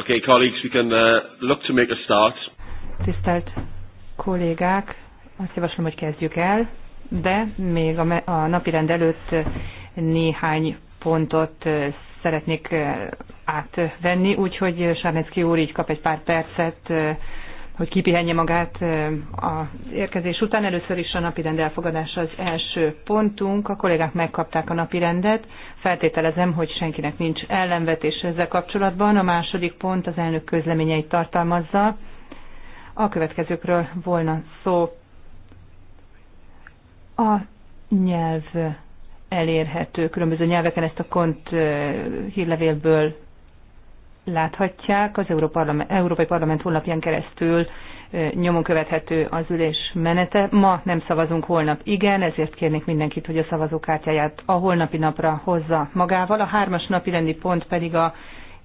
Okay, colleagues, we can uh, look to make a start. Tisztelt kollégák, azt javaslom, hogy kezdjük el, de még a, a napirend előtt néhány pontot uh, szeretnék uh, átvenni, úgyhogy Sárnecki úr így kap egy pár percet uh, hogy kipihenje magát az érkezés után. Először is a napirend elfogadása az első pontunk. A kollégák megkapták a napirendet. Feltételezem, hogy senkinek nincs ellenvetés ezzel kapcsolatban. A második pont az elnök közleményeit tartalmazza. A következőkről volna szó. A nyelv elérhető. Különböző nyelveken ezt a kont hírlevélből láthatják, az Európai Parlament honlapján keresztül nyomon követhető az ülés menete. Ma nem szavazunk, holnap igen, ezért kérnék mindenkit, hogy a szavazókártyáját a holnapi napra hozza magával. A hármas napi rendi pont pedig a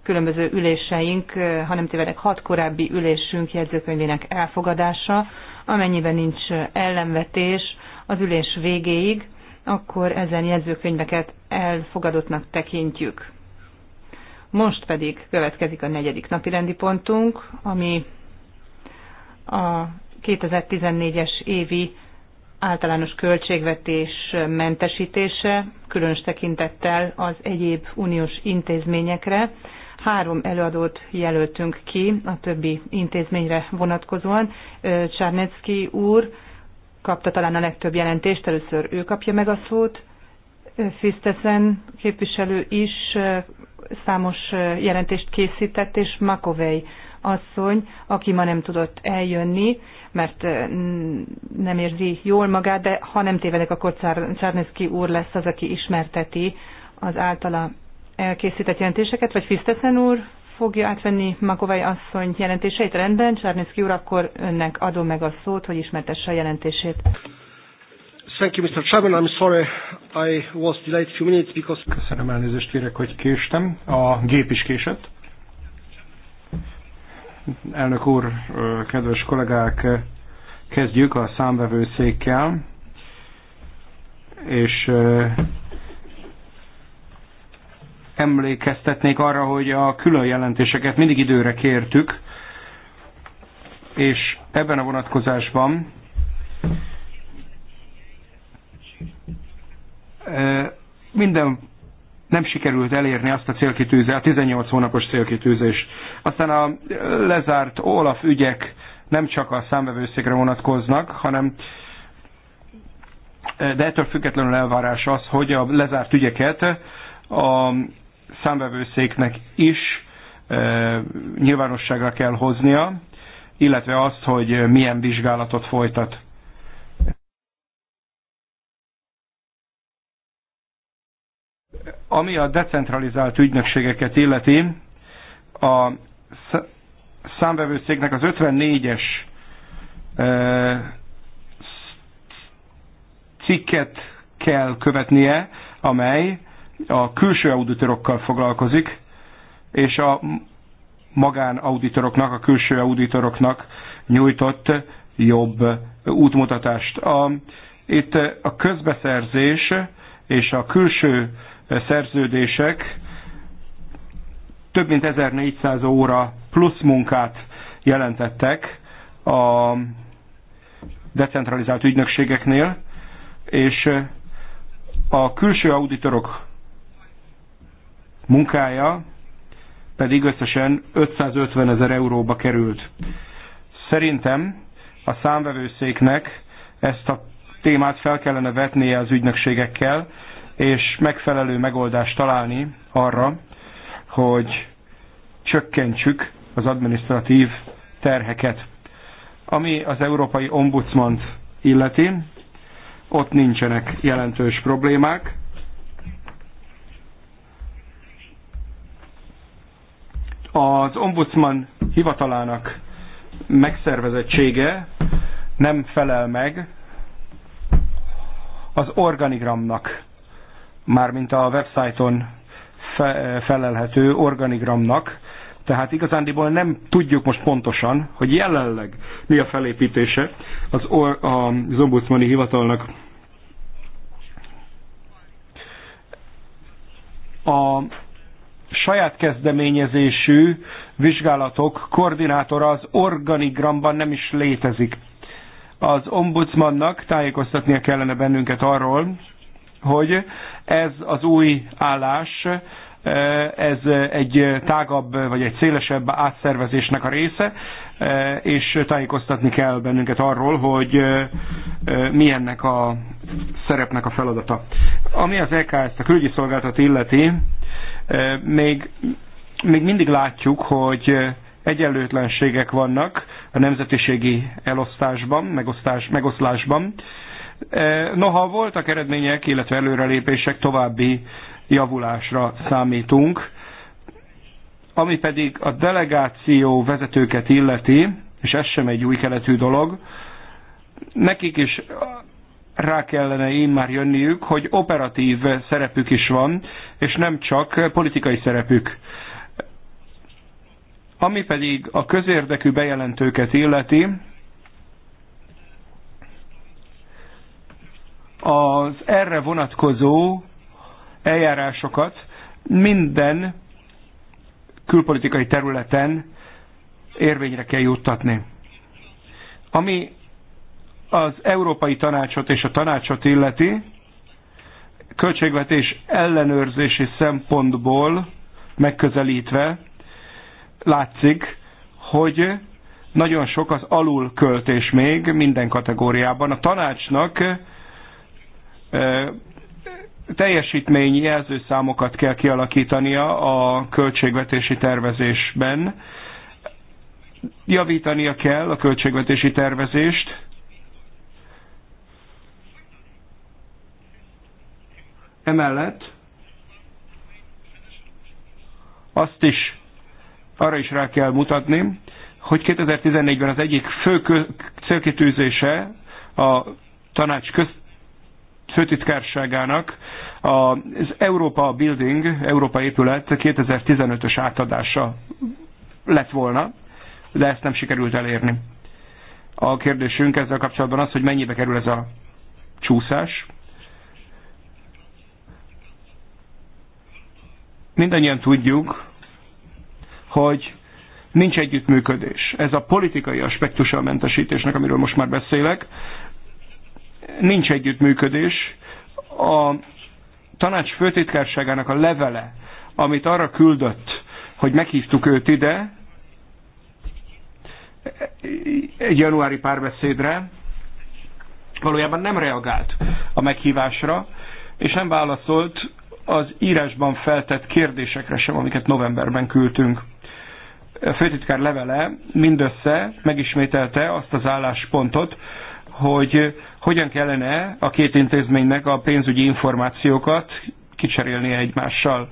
különböző üléseink, ha nem tévedek, hat korábbi ülésünk jegyzőkönyvének elfogadása, amennyiben nincs ellenvetés az ülés végéig, akkor ezen jegyzőkönyveket elfogadottnak tekintjük. Most pedig következik a negyedik napi rendi pontunk, ami a 2014-es évi általános költségvetés mentesítése, különös tekintettel az egyéb uniós intézményekre. Három előadót jelöltünk ki a többi intézményre vonatkozóan. Csárnecki úr kapta talán a legtöbb jelentést, először ő kapja meg a szót. Fisztesen képviselő is számos jelentést készített, és Makovej asszony, aki ma nem tudott eljönni, mert nem érzi jól magát, de ha nem tévedek, akkor Csárneszki úr lesz az, aki ismerteti az általa elkészített jelentéseket, vagy Fiszteszen úr fogja átvenni Makovej asszony jelentéseit. Rendben, Csárneszki úr, akkor önnek adom meg a szót, hogy ismertesse a jelentését. Thank you, Mr. Chairman. I'm sorry I was delayed few minutes because... Köszönöm, elnézést kérek, hogy késtem. A gép is késett. Elnök úr, kedves kollégák, kezdjük a számvevőszékkel, és emlékeztetnék arra, hogy a külön jelentéseket mindig időre kértük, és ebben a vonatkozásban minden nem sikerült elérni azt a célkitűzést, a 18 hónapos célkitűzést. Aztán a lezárt Olaf ügyek nem csak a számvevőszékre vonatkoznak, hanem de ettől függetlenül elvárás az, hogy a lezárt ügyeket a számvevőszéknek is nyilvánosságra kell hoznia, illetve azt, hogy milyen vizsgálatot folytat. Ami a decentralizált ügynökségeket illeti, a számvevőszéknek az 54-es cikket kell követnie, amely a külső auditorokkal foglalkozik, és a magánauditoroknak, a külső auditoroknak nyújtott jobb útmutatást. A, itt a közbeszerzés és a külső szerződések több mint 1400 óra plusz munkát jelentettek a decentralizált ügynökségeknél, és a külső auditorok munkája pedig összesen 550 ezer euróba került. Szerintem a számvevőszéknek ezt a témát fel kellene vetnie az ügynökségekkel, és megfelelő megoldást találni arra, hogy csökkentsük az administratív terheket. Ami az Európai Ombudsman illeti, ott nincsenek jelentős problémák. Az ombudsman hivatalának megszervezettsége nem felel meg az organigramnak, mármint a websájton fe, felelhető organigramnak, tehát igazándiból nem tudjuk most pontosan, hogy jelenleg mi a felépítése az, or, az ombudsmani hivatalnak. A saját kezdeményezésű vizsgálatok koordinátora az organigramban nem is létezik. Az ombudsmannak tájékoztatnia kellene bennünket arról, hogy ez az új állás, ez egy tágabb vagy egy szélesebb átszervezésnek a része, és tájékoztatni kell bennünket arról, hogy milyennek a szerepnek a feladata. Ami az EKS, a külügyi szolgáltat illeti, még, még mindig látjuk, hogy egyenlőtlenségek vannak a nemzetiségi elosztásban, megosztás, megoszlásban, E, noha voltak eredmények, illetve előrelépések, további javulásra számítunk. Ami pedig a delegáció vezetőket illeti, és ez sem egy új keletű dolog, nekik is rá kellene én már jönniük, hogy operatív szerepük is van, és nem csak politikai szerepük. Ami pedig a közérdekű bejelentőket illeti, az erre vonatkozó eljárásokat minden külpolitikai területen érvényre kell juttatni. Ami az Európai Tanácsot és a Tanácsot illeti, költségvetés ellenőrzési szempontból megközelítve látszik, hogy nagyon sok az alulköltés még minden kategóriában. A tanácsnak teljesítményi jelzőszámokat kell kialakítania a költségvetési tervezésben. Javítania kell a költségvetési tervezést. Emellett azt is, arra is rá kell mutatni, hogy 2014-ben az egyik fő célkitűzése a tanács közt főtitkárságának az Európa Building, Európa épület 2015-ös átadása lett volna, de ezt nem sikerült elérni. A kérdésünk ezzel kapcsolatban az, hogy mennyibe kerül ez a csúszás. Mindannyian tudjuk, hogy nincs együttműködés. Ez a politikai aspektus a mentesítésnek, amiről most már beszélek nincs együttműködés. A tanács főtitkárságának a levele, amit arra küldött, hogy meghívtuk őt ide, egy januári párbeszédre, valójában nem reagált a meghívásra, és nem válaszolt az írásban feltett kérdésekre sem, amiket novemberben küldtünk. A főtitkár levele mindössze megismételte azt az álláspontot, hogy eh, hogyan kellene a két intézménynek a pénzügyi információkat kicserélni egymással.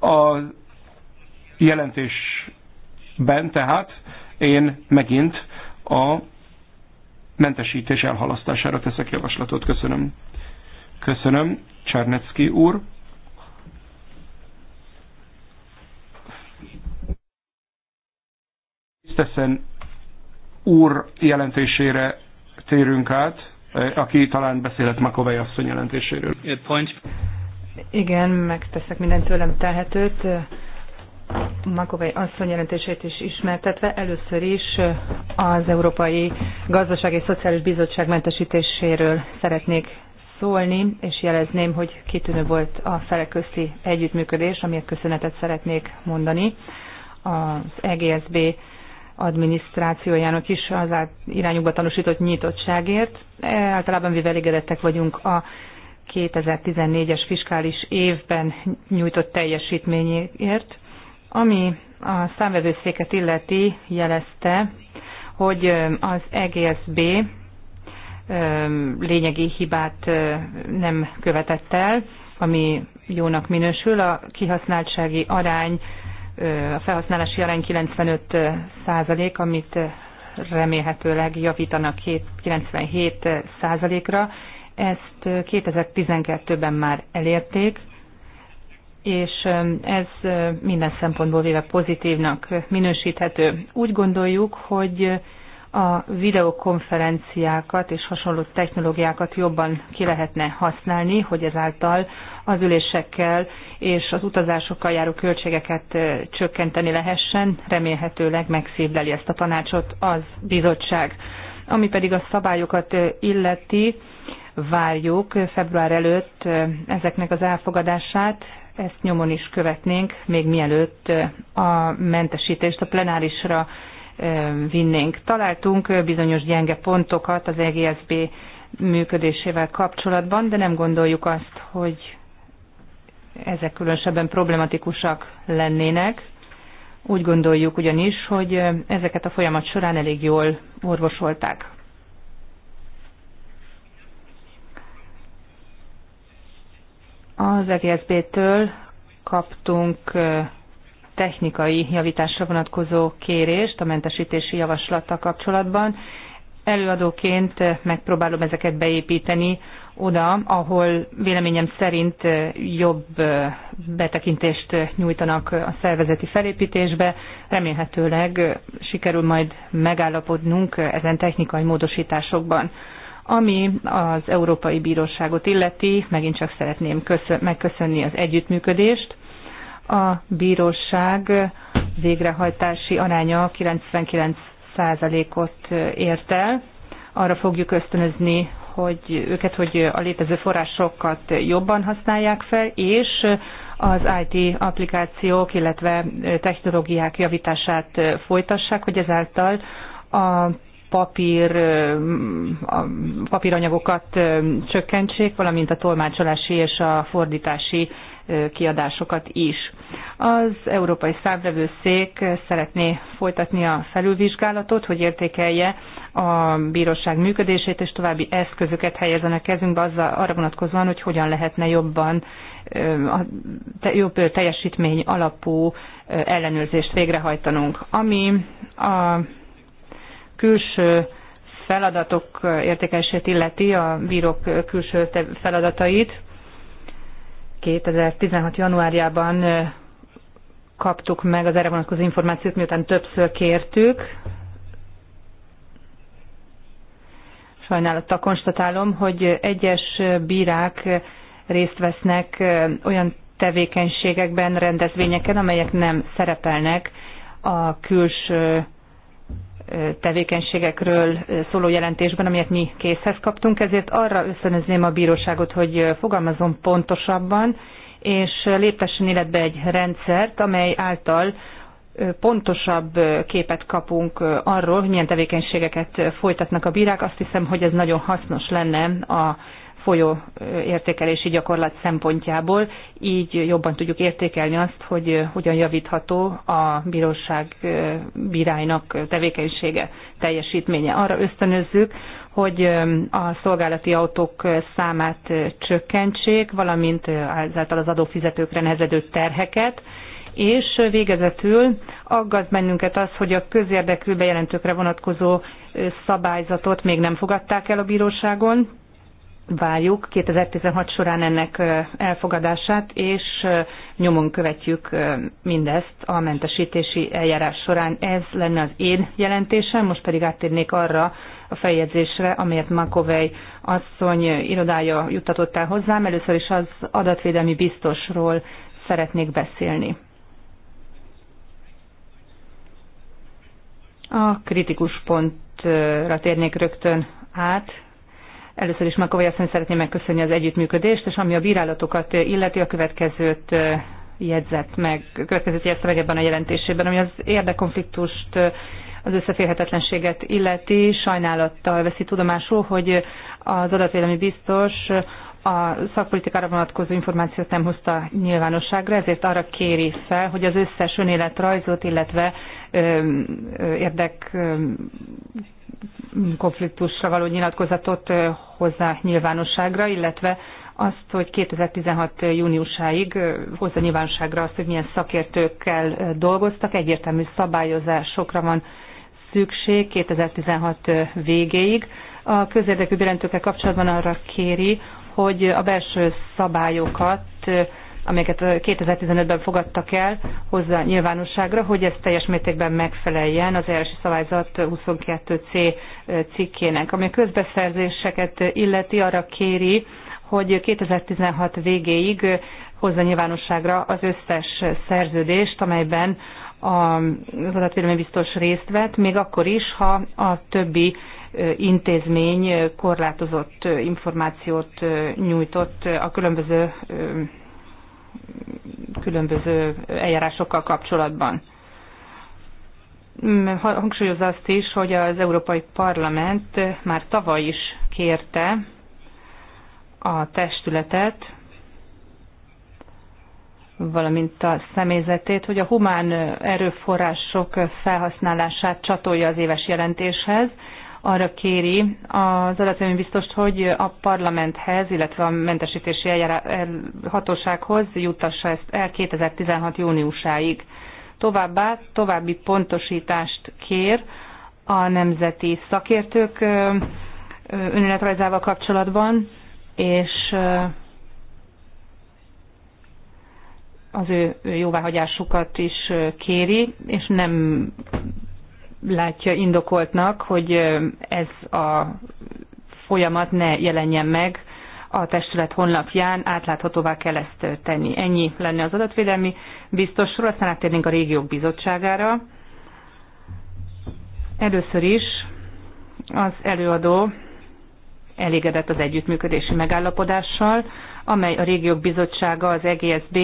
A jelentésben tehát én megint a mentesítés elhalasztására teszek javaslatot. Köszönöm. Köszönöm, Csárnecki úr. Tiszteszen úr jelentésére térünk át, eh, aki talán beszélett Makovej asszony jelentéséről. Igen, megteszek minden tőlem telhetőt. Makovej asszony jelentését is ismertetve, először is az Európai Gazdasági és Szociális Bizottság mentesítéséről szeretnék szólni, és jelezném, hogy kitűnő volt a felek közti együttműködés, amiért köszönetet szeretnék mondani az EGSB adminisztrációjának is az irányukba tanúsított nyitottságért. Általában mivel elégedettek vagyunk a 2014-es fiskális évben nyújtott teljesítményért, ami a számvevőszéket illeti jelezte, hogy az EGSB lényegi hibát nem követett el, ami jónak minősül. A kihasználtsági arány a felhasználási arány 95 százalék, amit remélhetőleg javítanak 97 százalékra. Ezt 2012-ben már elérték, és ez minden szempontból véve pozitívnak minősíthető. Úgy gondoljuk, hogy a videokonferenciákat és hasonló technológiákat jobban ki lehetne használni, hogy ezáltal az ülésekkel és az utazásokkal járó költségeket csökkenteni lehessen, remélhetőleg megszívleli ezt a tanácsot az bizottság. Ami pedig a szabályokat illeti, várjuk február előtt ezeknek az elfogadását, ezt nyomon is követnénk, még mielőtt a mentesítést a plenárisra vinnénk. Találtunk bizonyos gyenge pontokat az EGSB működésével kapcsolatban, de nem gondoljuk azt, hogy ezek különösebben problematikusak lennének. Úgy gondoljuk ugyanis, hogy ezeket a folyamat során elég jól orvosolták. Az EGSZB-től kaptunk technikai javításra vonatkozó kérést a mentesítési javaslattal kapcsolatban, előadóként megpróbálom ezeket beépíteni oda, ahol véleményem szerint jobb betekintést nyújtanak a szervezeti felépítésbe. Remélhetőleg sikerül majd megállapodnunk ezen technikai módosításokban. Ami az Európai Bíróságot illeti, megint csak szeretném megköszönni az együttműködést. A bíróság végrehajtási aránya 99 százalékot ért el. Arra fogjuk ösztönözni hogy őket, hogy a létező forrásokat jobban használják fel, és az IT applikációk, illetve technológiák javítását folytassák, hogy ezáltal a papír, a papíranyagokat csökkentsék, valamint a tolmácsolási és a fordítási kiadásokat is. Az Európai Számvevőszék szeretné folytatni a felülvizsgálatot, hogy értékelje a bíróság működését, és további eszközöket helyezzen a kezünkbe azzal arra vonatkozóan, hogy hogyan lehetne jobban jobb teljesítmény alapú ellenőrzést végrehajtanunk. Ami a külső feladatok értékelését illeti, a bírók külső feladatait, 2016. januárjában kaptuk meg az erre vonatkozó információt, miután többször kértük. Sajnálattal konstatálom, hogy egyes bírák részt vesznek olyan tevékenységekben, rendezvényeken, amelyek nem szerepelnek a külső tevékenységekről szóló jelentésben, amelyet mi készhez kaptunk, ezért arra ösztönözném a bíróságot, hogy fogalmazom pontosabban, és léptessen életbe egy rendszert, amely által pontosabb képet kapunk arról, hogy milyen tevékenységeket folytatnak a bírák. Azt hiszem, hogy ez nagyon hasznos lenne a folyó értékelési gyakorlat szempontjából, így jobban tudjuk értékelni azt, hogy hogyan javítható a bíróság bíráinak tevékenysége, teljesítménye. Arra ösztönözzük, hogy a szolgálati autók számát csökkentsék, valamint ezáltal az adófizetőkre nehezedő terheket, és végezetül aggaz bennünket az, hogy a közérdekű bejelentőkre vonatkozó szabályzatot még nem fogadták el a bíróságon, várjuk 2016 során ennek elfogadását, és nyomon követjük mindezt a mentesítési eljárás során. Ez lenne az én jelentésem, most pedig áttérnék arra a feljegyzésre, amelyet Makovej asszony irodája juttatott el hozzám. Először is az adatvédelmi biztosról szeretnék beszélni. A kritikus pontra térnék rögtön át, Először is Makovai azt szeretném megköszönni az együttműködést, és ami a bírálatokat illeti, a következőt jegyzett meg, következőt jegyzett meg ebben a jelentésében, ami az érdekonfliktust az összeférhetetlenséget illeti. Sajnálattal veszi tudomásul, hogy az adatvédelmi biztos a szakpolitikára vonatkozó információt nem hozta nyilvánosságra, ezért arra kéri fel, hogy az összes önéletrajzot, illetve ö, érdek ö, konfliktusra való nyilatkozatot hozzá nyilvánosságra, illetve azt, hogy 2016 júniusáig hozza nyilvánosságra azt, hogy milyen szakértőkkel dolgoztak, egyértelmű szabályozásokra van szükség 2016 végéig. A közérdekű bérentőkkel kapcsolatban arra kéri, hogy a belső szabályokat amelyeket 2015-ben fogadtak el hozzá nyilvánosságra, hogy ez teljes mértékben megfeleljen az első szabályzat 22C cikkének. Ami a közbeszerzéseket illeti, arra kéri, hogy 2016 végéig hozza nyilvánosságra az összes szerződést, amelyben az adatvédelmi biztos részt vett, még akkor is, ha a többi intézmény korlátozott információt nyújtott a különböző különböző eljárásokkal kapcsolatban. Mm, hangsúlyozza azt is, hogy az Európai Parlament már tavaly is kérte a testületet, valamint a személyzetét, hogy a humán erőforrások felhasználását csatolja az éves jelentéshez, arra kéri az adatvédelmi biztost, hogy a parlamenthez, illetve a mentesítési hatósághoz jutassa ezt el 2016. júniusáig. Továbbá további pontosítást kér a nemzeti szakértők önéletrajzával kapcsolatban, és az ő jóváhagyásukat is kéri, és nem látja indokoltnak, hogy ez a folyamat ne jelenjen meg a testület honlapján, átláthatóvá kell ezt tenni. Ennyi lenne az adatvédelmi biztosról, aztán áttérnénk a régiók bizottságára. Először is az előadó elégedett az együttműködési megállapodással, amely a régiók bizottsága, az EGSB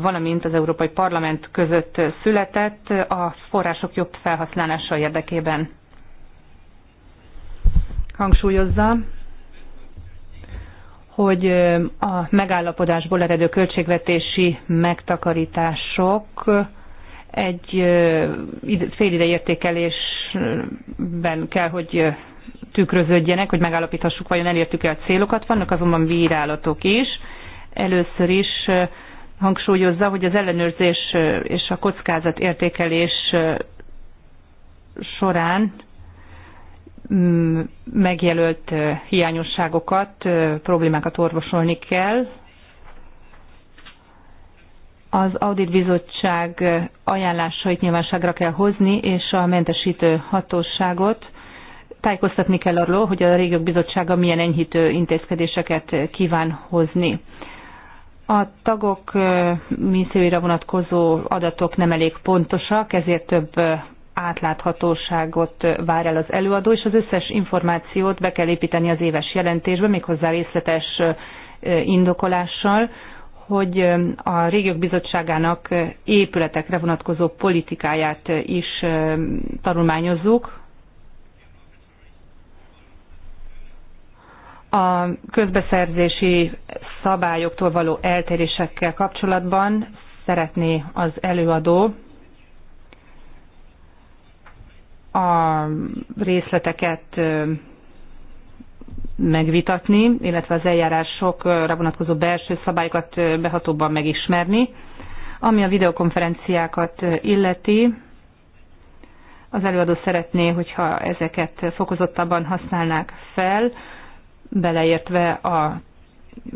valamint az Európai Parlament között született a források jobb felhasználása érdekében. Hangsúlyozza, hogy a megállapodásból eredő költségvetési megtakarítások egy félide értékelésben kell, hogy tükröződjenek, hogy megállapíthassuk, vajon elértük-e a célokat. Vannak azonban bírálatok is. Először is hangsúlyozza, hogy az ellenőrzés és a kockázat értékelés során mm, megjelölt hiányosságokat, problémákat orvosolni kell. Az Audit Bizottság ajánlásait nyilvánosságra kell hozni, és a mentesítő hatóságot tájékoztatni kell arról, hogy a Régiók Bizottsága milyen enyhítő intézkedéseket kíván hozni. A tagok misszióira vonatkozó adatok nem elég pontosak, ezért több átláthatóságot vár el az előadó, és az összes információt be kell építeni az éves jelentésbe, méghozzá részletes indokolással, hogy a régiók bizottságának épületekre vonatkozó politikáját is tanulmányozzuk, a közbeszerzési szabályoktól való eltérésekkel kapcsolatban szeretné az előadó a részleteket megvitatni, illetve az eljárásokra vonatkozó belső szabályokat behatóbban megismerni. Ami a videokonferenciákat illeti, az előadó szeretné, hogyha ezeket fokozottabban használnák fel, beleértve a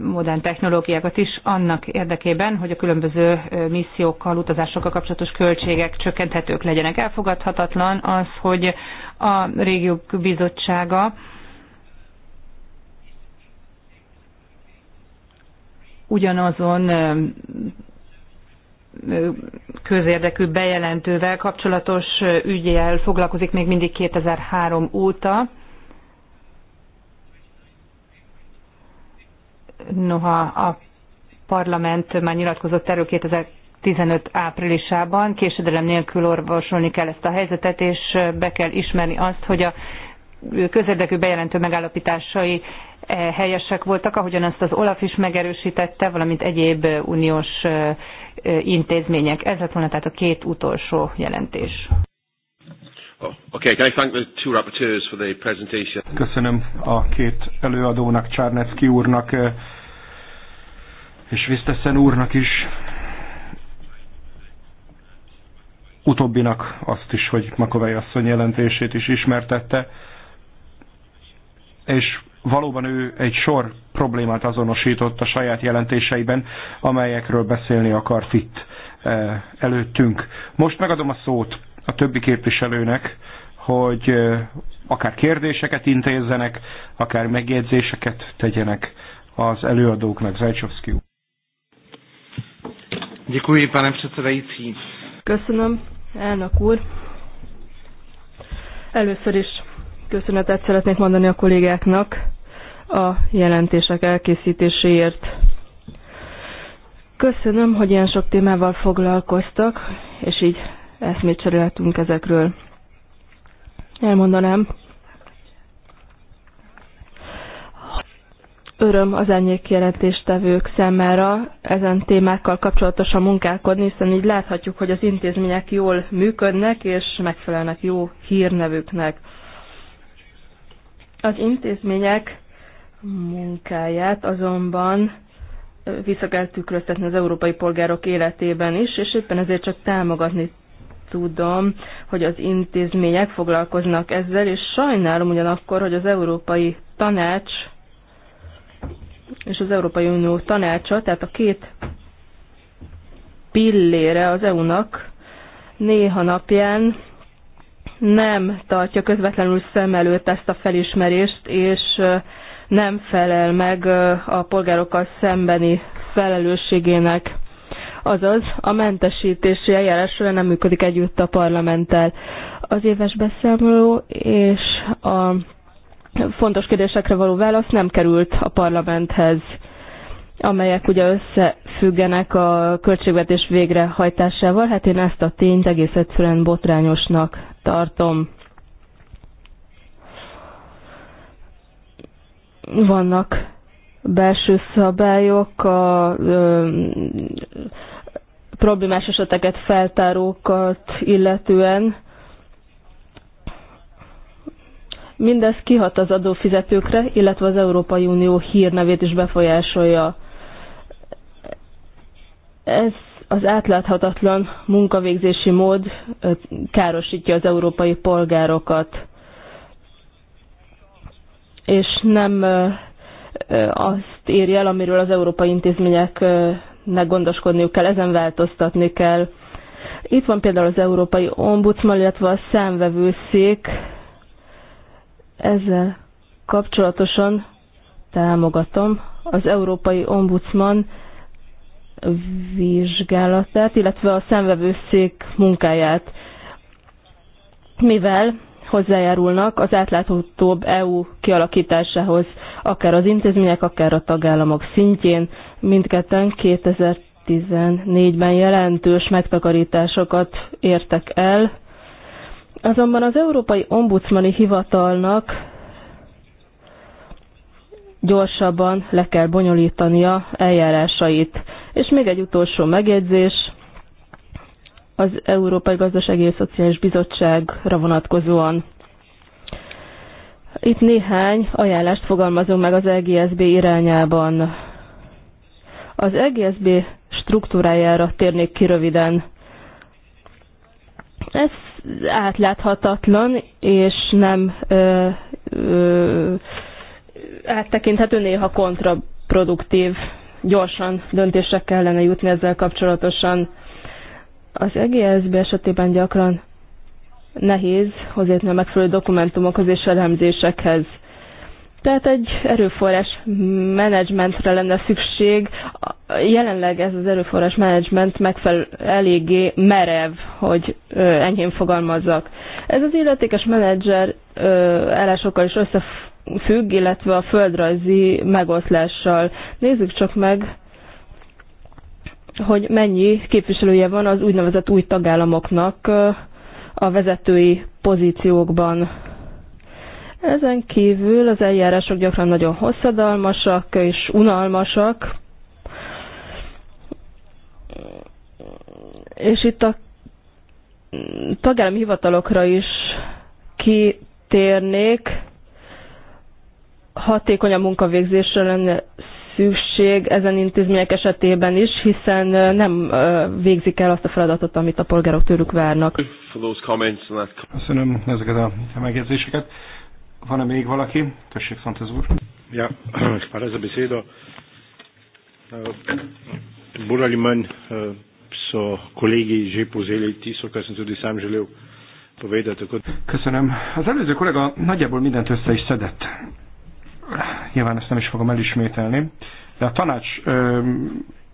modern technológiákat is annak érdekében, hogy a különböző missziókkal, utazásokkal kapcsolatos költségek csökkenthetők legyenek. Elfogadhatatlan az, hogy a régiók bizottsága ugyanazon közérdekű bejelentővel kapcsolatos ügyjel foglalkozik még mindig 2003 óta, noha a parlament már nyilatkozott erről 2015 áprilisában, késedelem nélkül orvosolni kell ezt a helyzetet, és be kell ismerni azt, hogy a közérdekű bejelentő megállapításai eh, helyesek voltak, ahogyan azt az Olaf is megerősítette, valamint egyéb eh, uniós eh, intézmények. Ez lett volna tehát a két utolsó jelentés. Oh, okay, can I thank the two rapporteurs for the presentation? Köszönöm a két előadónak, Csárnecki úrnak eh, és Visteszen úrnak is. Utóbbinak azt is, hogy Makovei asszony jelentését is ismertette, és valóban ő egy sor problémát azonosított a saját jelentéseiben, amelyekről beszélni akart itt eh, előttünk. Most megadom a szót a többi képviselőnek, hogy akár kérdéseket intézzenek, akár megjegyzéseket tegyenek az előadóknak. Zajcsovszki úr. Děkuji, pane předsedající. Köszönöm, elnök úr. Először is köszönetet szeretnék mondani a kollégáknak a jelentések elkészítéséért. Köszönöm, hogy ilyen sok témával foglalkoztak, és így eszmét cserélhetünk ezekről. Elmondanám. Öröm az árnyék jelentéstevők szemmelre ezen témákkal kapcsolatosan munkálkodni, hiszen így láthatjuk, hogy az intézmények jól működnek és megfelelnek jó hírnevüknek. Az intézmények munkáját azonban vissza kell tükröztetni az európai polgárok életében is, és éppen ezért csak támogatni tudom, hogy az intézmények foglalkoznak ezzel, és sajnálom ugyanakkor, hogy az Európai Tanács és az Európai Unió tanácsa, tehát a két pillére az EU-nak néha napján nem tartja közvetlenül szem előtt ezt a felismerést, és nem felel meg a polgárokkal szembeni felelősségének. Azaz, a mentesítési eljárásról nem működik együtt a parlamenttel. Az éves beszámoló és a fontos kérdésekre való válasz nem került a parlamenthez amelyek ugye összefüggenek a költségvetés végrehajtásával. Hát én ezt a tényt egész egyszerűen botrányosnak tartom. Vannak belső szabályok, a ö, problémás eseteket feltárókat illetően. Mindez kihat az adófizetőkre, illetve az Európai Unió hírnevét is befolyásolja. Ez az átláthatatlan munkavégzési mód károsítja az európai polgárokat, és nem azt írja el, amiről az európai intézményeknek gondoskodniuk kell, ezen változtatni kell. Itt van például az Európai Ombudsman, illetve a szemvevőszék Ezzel kapcsolatosan támogatom az Európai Ombudsman vizsgálatát, illetve a szemvevőszék munkáját. Mivel hozzájárulnak az átláthatóbb EU kialakításához, akár az intézmények, akár a tagállamok szintjén. Mindketten 2014-ben jelentős megtakarításokat értek el, azonban az Európai Ombudsmani Hivatalnak gyorsabban le kell bonyolítania eljárásait. És még egy utolsó megjegyzés, az Európai Gazdasági és Szociális Bizottságra vonatkozóan. Itt néhány ajánlást fogalmazunk meg az EGSB irányában. Az EGSB struktúrájára térnék ki röviden. Ez átláthatatlan, és nem ö, ö, áttekinthető, néha kontraproduktív. Gyorsan döntésre kellene jutni ezzel kapcsolatosan. Az EGSB esetében gyakran nehéz hozzájutni a megfelelő dokumentumokhoz és elemzésekhez. Tehát egy erőforrás menedzsmentre lenne szükség. Jelenleg ez az erőforrás menedzsment megfelel eléggé merev, hogy enyhén fogalmazzak. Ez az illetékes menedzser elásokkal is összefügg, illetve a földrajzi megoszlással. Nézzük csak meg, hogy mennyi képviselője van az úgynevezett új tagállamoknak a vezetői pozíciókban. Ezen kívül az eljárások gyakran nagyon hosszadalmasak és unalmasak, és itt a tagállami hivatalokra is kitérnék, hatékony a munkavégzésre lenne szükség ezen intézmények esetében is, hiszen nem végzik el azt a feladatot, amit a polgárok tőlük várnak. Köszönöm ezeket a megjegyzéseket. Van-e még valaki? Tessék, Szantez úr. Ja, hvala za besedo. Bolj a manj so kolegi že povzeli tisto, Köszönöm. Az előző kollega nagyjából mindent össze is szedett nyilván ezt nem is fogom elismételni, de a tanács ö,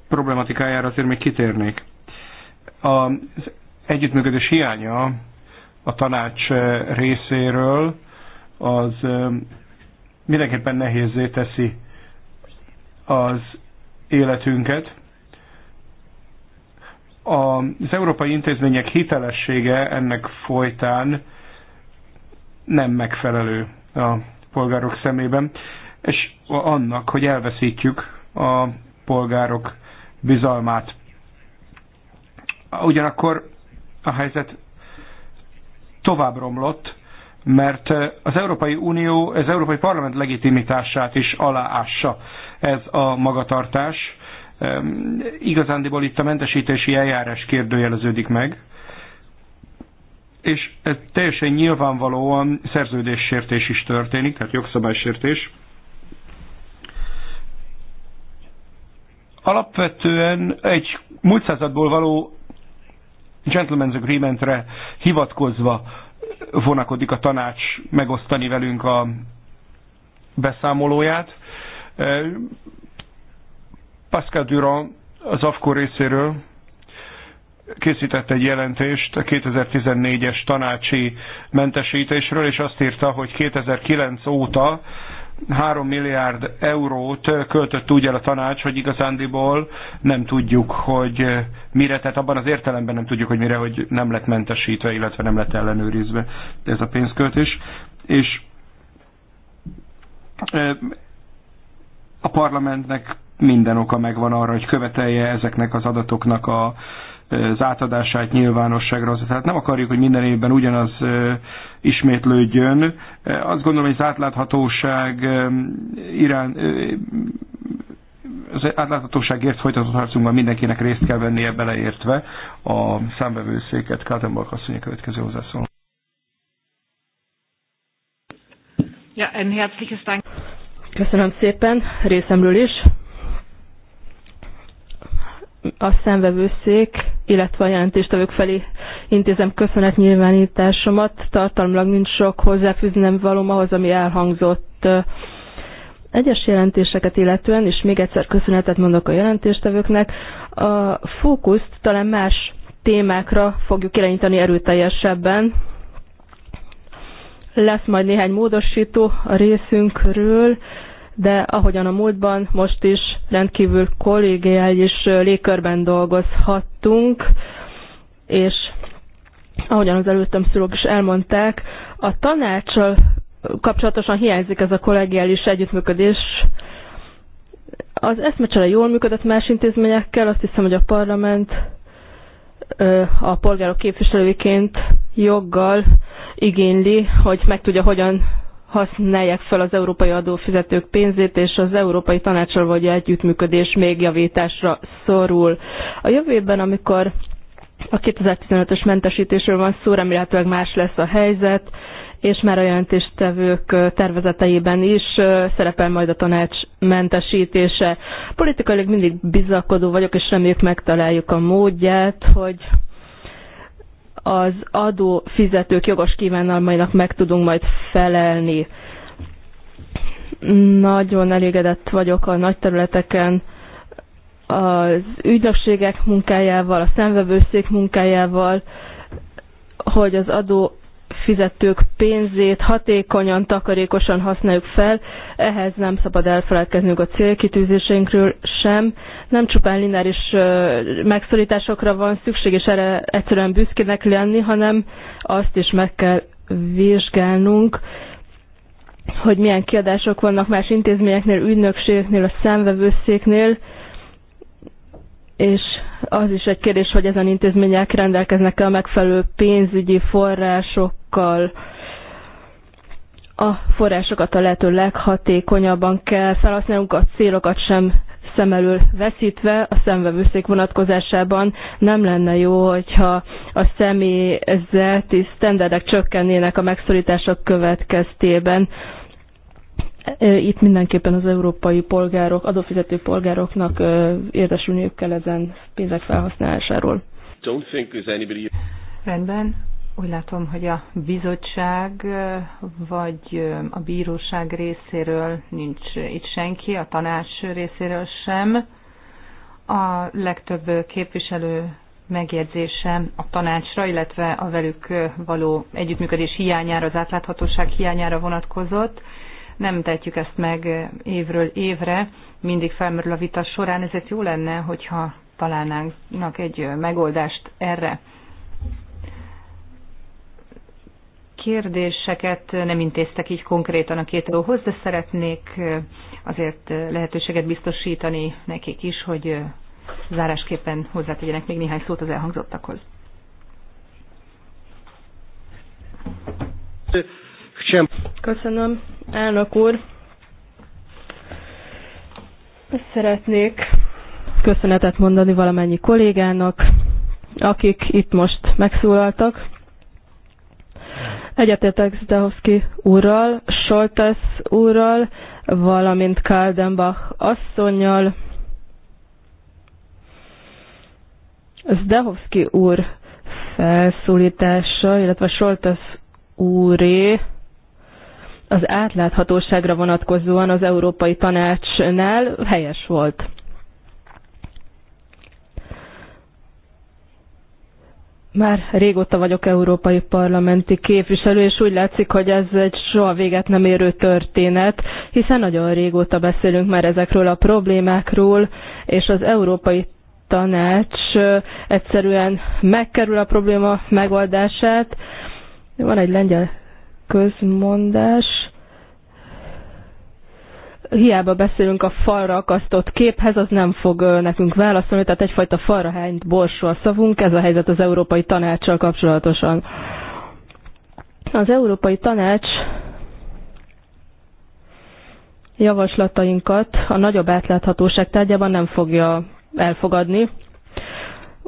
problematikájára azért még kitérnék. Az együttműködés hiánya a tanács részéről az mindenképpen nehézé teszi az életünket. Az európai intézmények hitelessége ennek folytán nem megfelelő a polgárok szemében és annak, hogy elveszítjük a polgárok bizalmát. Ugyanakkor a helyzet tovább romlott, mert az Európai Unió, az Európai Parlament legitimitását is aláássa ez a magatartás. Ehm, igazándiból itt a mentesítési eljárás kérdőjeleződik meg, és ez teljesen nyilvánvalóan szerződéssértés is történik, tehát jogszabálysértés. Alapvetően egy múlt századból való gentleman's agreementre hivatkozva vonakodik a tanács megosztani velünk a beszámolóját. Pascal Durand az AFKO részéről készített egy jelentést a 2014-es tanácsi mentesítésről, és azt írta, hogy 2009 óta 3 milliárd eurót költött úgy el a tanács, hogy igazándiból nem tudjuk, hogy mire, tehát abban az értelemben nem tudjuk, hogy mire, hogy nem lett mentesítve, illetve nem lett ellenőrizve ez a pénzköltés. És a parlamentnek minden oka megvan arra, hogy követelje ezeknek az adatoknak a, az átadását nyilvánosságra. Tehát nem akarjuk, hogy minden évben ugyanaz ismétlődjön. Azt gondolom, hogy az átláthatóság irán, az átláthatóságért folytatott harcunkban mindenkinek részt kell vennie beleértve a számbevőszéket. Kaltenbach asszony a következő hozzászól. Ja, Köszönöm szépen részemről is a szenvevőszék, illetve a jelentéstevők felé intézem köszönet nyilvánításomat. Tartalmilag nincs sok hozzáfűznem valóm ahhoz, ami elhangzott egyes jelentéseket illetően, és még egyszer köszönetet mondok a jelentéstevőknek, a fókuszt talán más témákra fogjuk irányítani erőteljesebben. Lesz majd néhány módosító a részünkről, de ahogyan a múltban, most is rendkívül kollégiális légkörben dolgozhattunk, és ahogyan az előttem szülők is elmondták, a tanácssal kapcsolatosan hiányzik ez a kollegiális együttműködés. Az eszmecsele jól működött más intézményekkel, azt hiszem, hogy a parlament a polgárok képviselőiként joggal igényli, hogy meg tudja hogyan használják fel az európai adófizetők pénzét, és az Európai Tanácsal vagy együttműködés még javításra szorul. A jövőben, amikor a 2015-ös mentesítésről van szó, remélhetőleg más lesz a helyzet, és már a jelentéstevők tervezeteiben is szerepel majd a tanács mentesítése. Politikailag mindig bizakodó vagyok, és reméljük megtaláljuk a módját, hogy az adófizetők jogos kívánalmainak meg tudunk majd felelni. Nagyon elégedett vagyok a nagy területeken az ügynökségek munkájával, a szemvevőszék munkájával, hogy az adó adófizetők pénzét hatékonyan, takarékosan használjuk fel, ehhez nem szabad elfeledkeznünk a célkitűzéseinkről sem. Nem csupán lineáris megszorításokra van szükség, és erre egyszerűen büszkének lenni, hanem azt is meg kell vizsgálnunk, hogy milyen kiadások vannak más intézményeknél, ügynökségeknél, a számvevőszéknél, és az is egy kérdés, hogy ezen intézmények rendelkeznek-e a megfelelő pénzügyi forrásokkal. A forrásokat a lehető leghatékonyabban kell felhasználnunk, a célokat sem szem elől veszítve a szemvevőszék vonatkozásában nem lenne jó, hogyha a személyzeti sztenderdek csökkennének a megszorítások következtében. Itt mindenképpen az európai polgárok, adófizető polgároknak érdesülniük kell ezen pénzek felhasználásáról. Don't think anybody... Rendben, úgy látom, hogy a bizottság vagy a bíróság részéről nincs itt senki, a tanács részéről sem. A legtöbb képviselő megjegyzése a tanácsra, illetve a velük való együttműködés hiányára, az átláthatóság hiányára vonatkozott nem tehetjük ezt meg évről évre, mindig felmerül a vita során, ezért jó lenne, hogyha találnánk egy megoldást erre. Kérdéseket nem intéztek így konkrétan a két óhoz, de szeretnék azért lehetőséget biztosítani nekik is, hogy zárásképpen hozzátegyenek még néhány szót az elhangzottakhoz. Köszönöm, elnök úr. Szeretnék köszönetet mondani valamennyi kollégának, akik itt most megszólaltak. Egyetértek Zdehovszki úrral, Soltesz úrral, valamint Kaldenbach asszonynal. Zdehovszki úr felszólítása, illetve Soltesz úré az átláthatóságra vonatkozóan az Európai Tanácsnál helyes volt. Már régóta vagyok európai parlamenti képviselő, és úgy látszik, hogy ez egy soha véget nem érő történet, hiszen nagyon régóta beszélünk már ezekről a problémákról, és az európai tanács egyszerűen megkerül a probléma megoldását. Van egy lengyel közmondás. Hiába beszélünk a falra akasztott képhez, az nem fog nekünk válaszolni, tehát egyfajta falra hányt borsó a szavunk, ez a helyzet az Európai Tanácssal kapcsolatosan. Az Európai Tanács javaslatainkat a nagyobb átláthatóság tárgyában nem fogja elfogadni,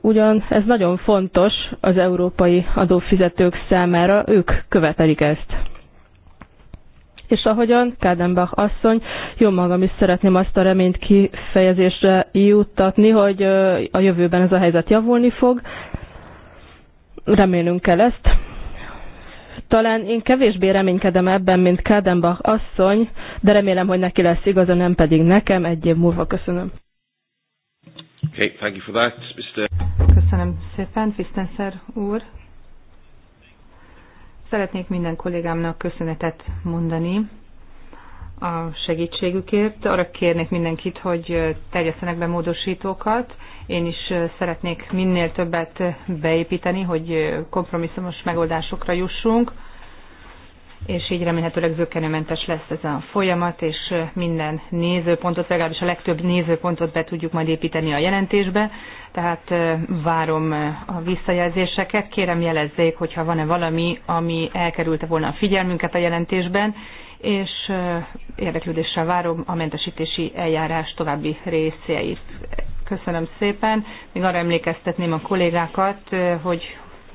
Ugyan ez nagyon fontos az európai adófizetők számára, ők követelik ezt. És ahogyan Kádenbach asszony, jó magam is szeretném azt a reményt kifejezésre juttatni, hogy a jövőben ez a helyzet javulni fog. Remélünk kell ezt. Talán én kevésbé reménykedem ebben, mint Kádenbach asszony, de remélem, hogy neki lesz igaza, nem pedig nekem. Egy év múlva köszönöm. Okay, thank you for that, Mr. Köszönöm szépen, Fisztenszer úr. Szeretnék minden kollégámnak köszönetet mondani a segítségükért. Arra kérnék mindenkit, hogy terjesztenek be módosítókat. Én is szeretnék minél többet beépíteni, hogy kompromisszumos megoldásokra jussunk és így remélhetőleg zökkenőmentes lesz ez a folyamat, és minden nézőpontot, legalábbis a legtöbb nézőpontot be tudjuk majd építeni a jelentésbe, tehát várom a visszajelzéseket, kérem jelezzék, hogyha van-e valami, ami elkerülte volna a figyelmünket a jelentésben, és érdeklődéssel várom a mentesítési eljárás további részeit. Köszönöm szépen. Még arra emlékeztetném a kollégákat, hogy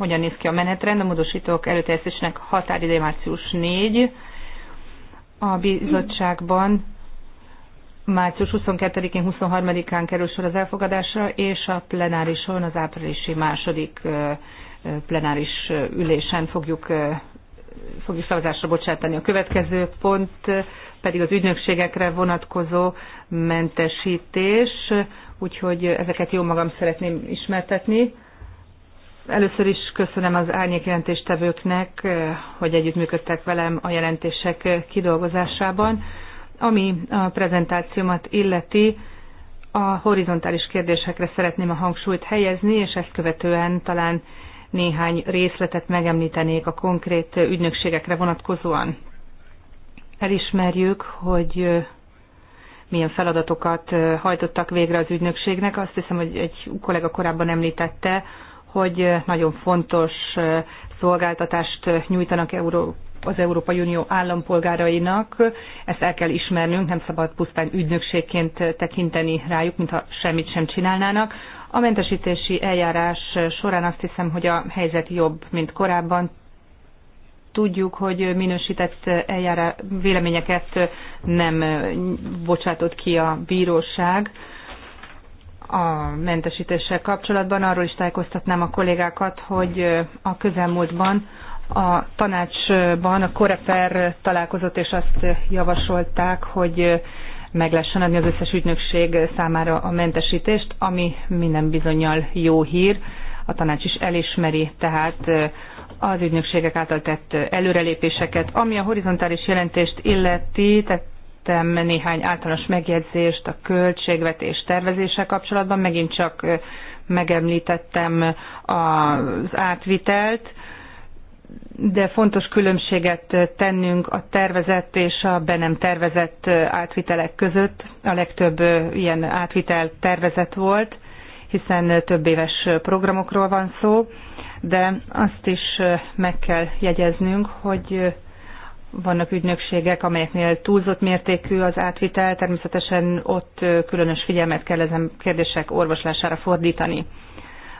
hogyan néz ki a menetrend. A módosítók előterjesztésnek határidő március 4. A bizottságban március 22-én, 23-án kerül sor az elfogadásra, és a plenárison az áprilisi második plenáris ülésen fogjuk, fogjuk szavazásra bocsátani. A következő pont pedig az ügynökségekre vonatkozó mentesítés, úgyhogy ezeket jó magam szeretném ismertetni. Először is köszönöm az árnyék jelentéstevőknek, eh, hogy együttműködtek velem a jelentések kidolgozásában. Ami a prezentációmat illeti, a horizontális kérdésekre szeretném a hangsúlyt helyezni, és ezt követően talán néhány részletet megemlítenék a konkrét ügynökségekre vonatkozóan. Elismerjük, hogy eh, milyen feladatokat eh, hajtottak végre az ügynökségnek. Azt hiszem, hogy egy kollega korábban említette, hogy nagyon fontos szolgáltatást nyújtanak Európa az Európai Unió állampolgárainak. Ezt el kell ismernünk, nem szabad pusztán ügynökségként tekinteni rájuk, mintha semmit sem csinálnának. A mentesítési eljárás során azt hiszem, hogy a helyzet jobb, mint korábban. Tudjuk, hogy minősített eljárás véleményeket nem bocsátott ki a bíróság a mentesítéssel kapcsolatban. Arról is tájékoztatnám a kollégákat, hogy a közelmúltban a tanácsban a Korefer találkozott, és azt javasolták, hogy meg lehessen adni az összes ügynökség számára a mentesítést, ami minden bizonyal jó hír. A tanács is elismeri tehát az ügynökségek által tett előrelépéseket. Ami a horizontális jelentést illeti, tehát tettem néhány általános megjegyzést a költségvetés tervezése kapcsolatban, megint csak megemlítettem az átvitelt, de fontos különbséget tennünk a tervezett és a be nem tervezett átvitelek között. A legtöbb ilyen átvitel tervezett volt, hiszen több éves programokról van szó, de azt is meg kell jegyeznünk, hogy vannak ügynökségek, amelyeknél túlzott mértékű az átvitel, természetesen ott különös figyelmet kell ezen kérdések orvoslására fordítani.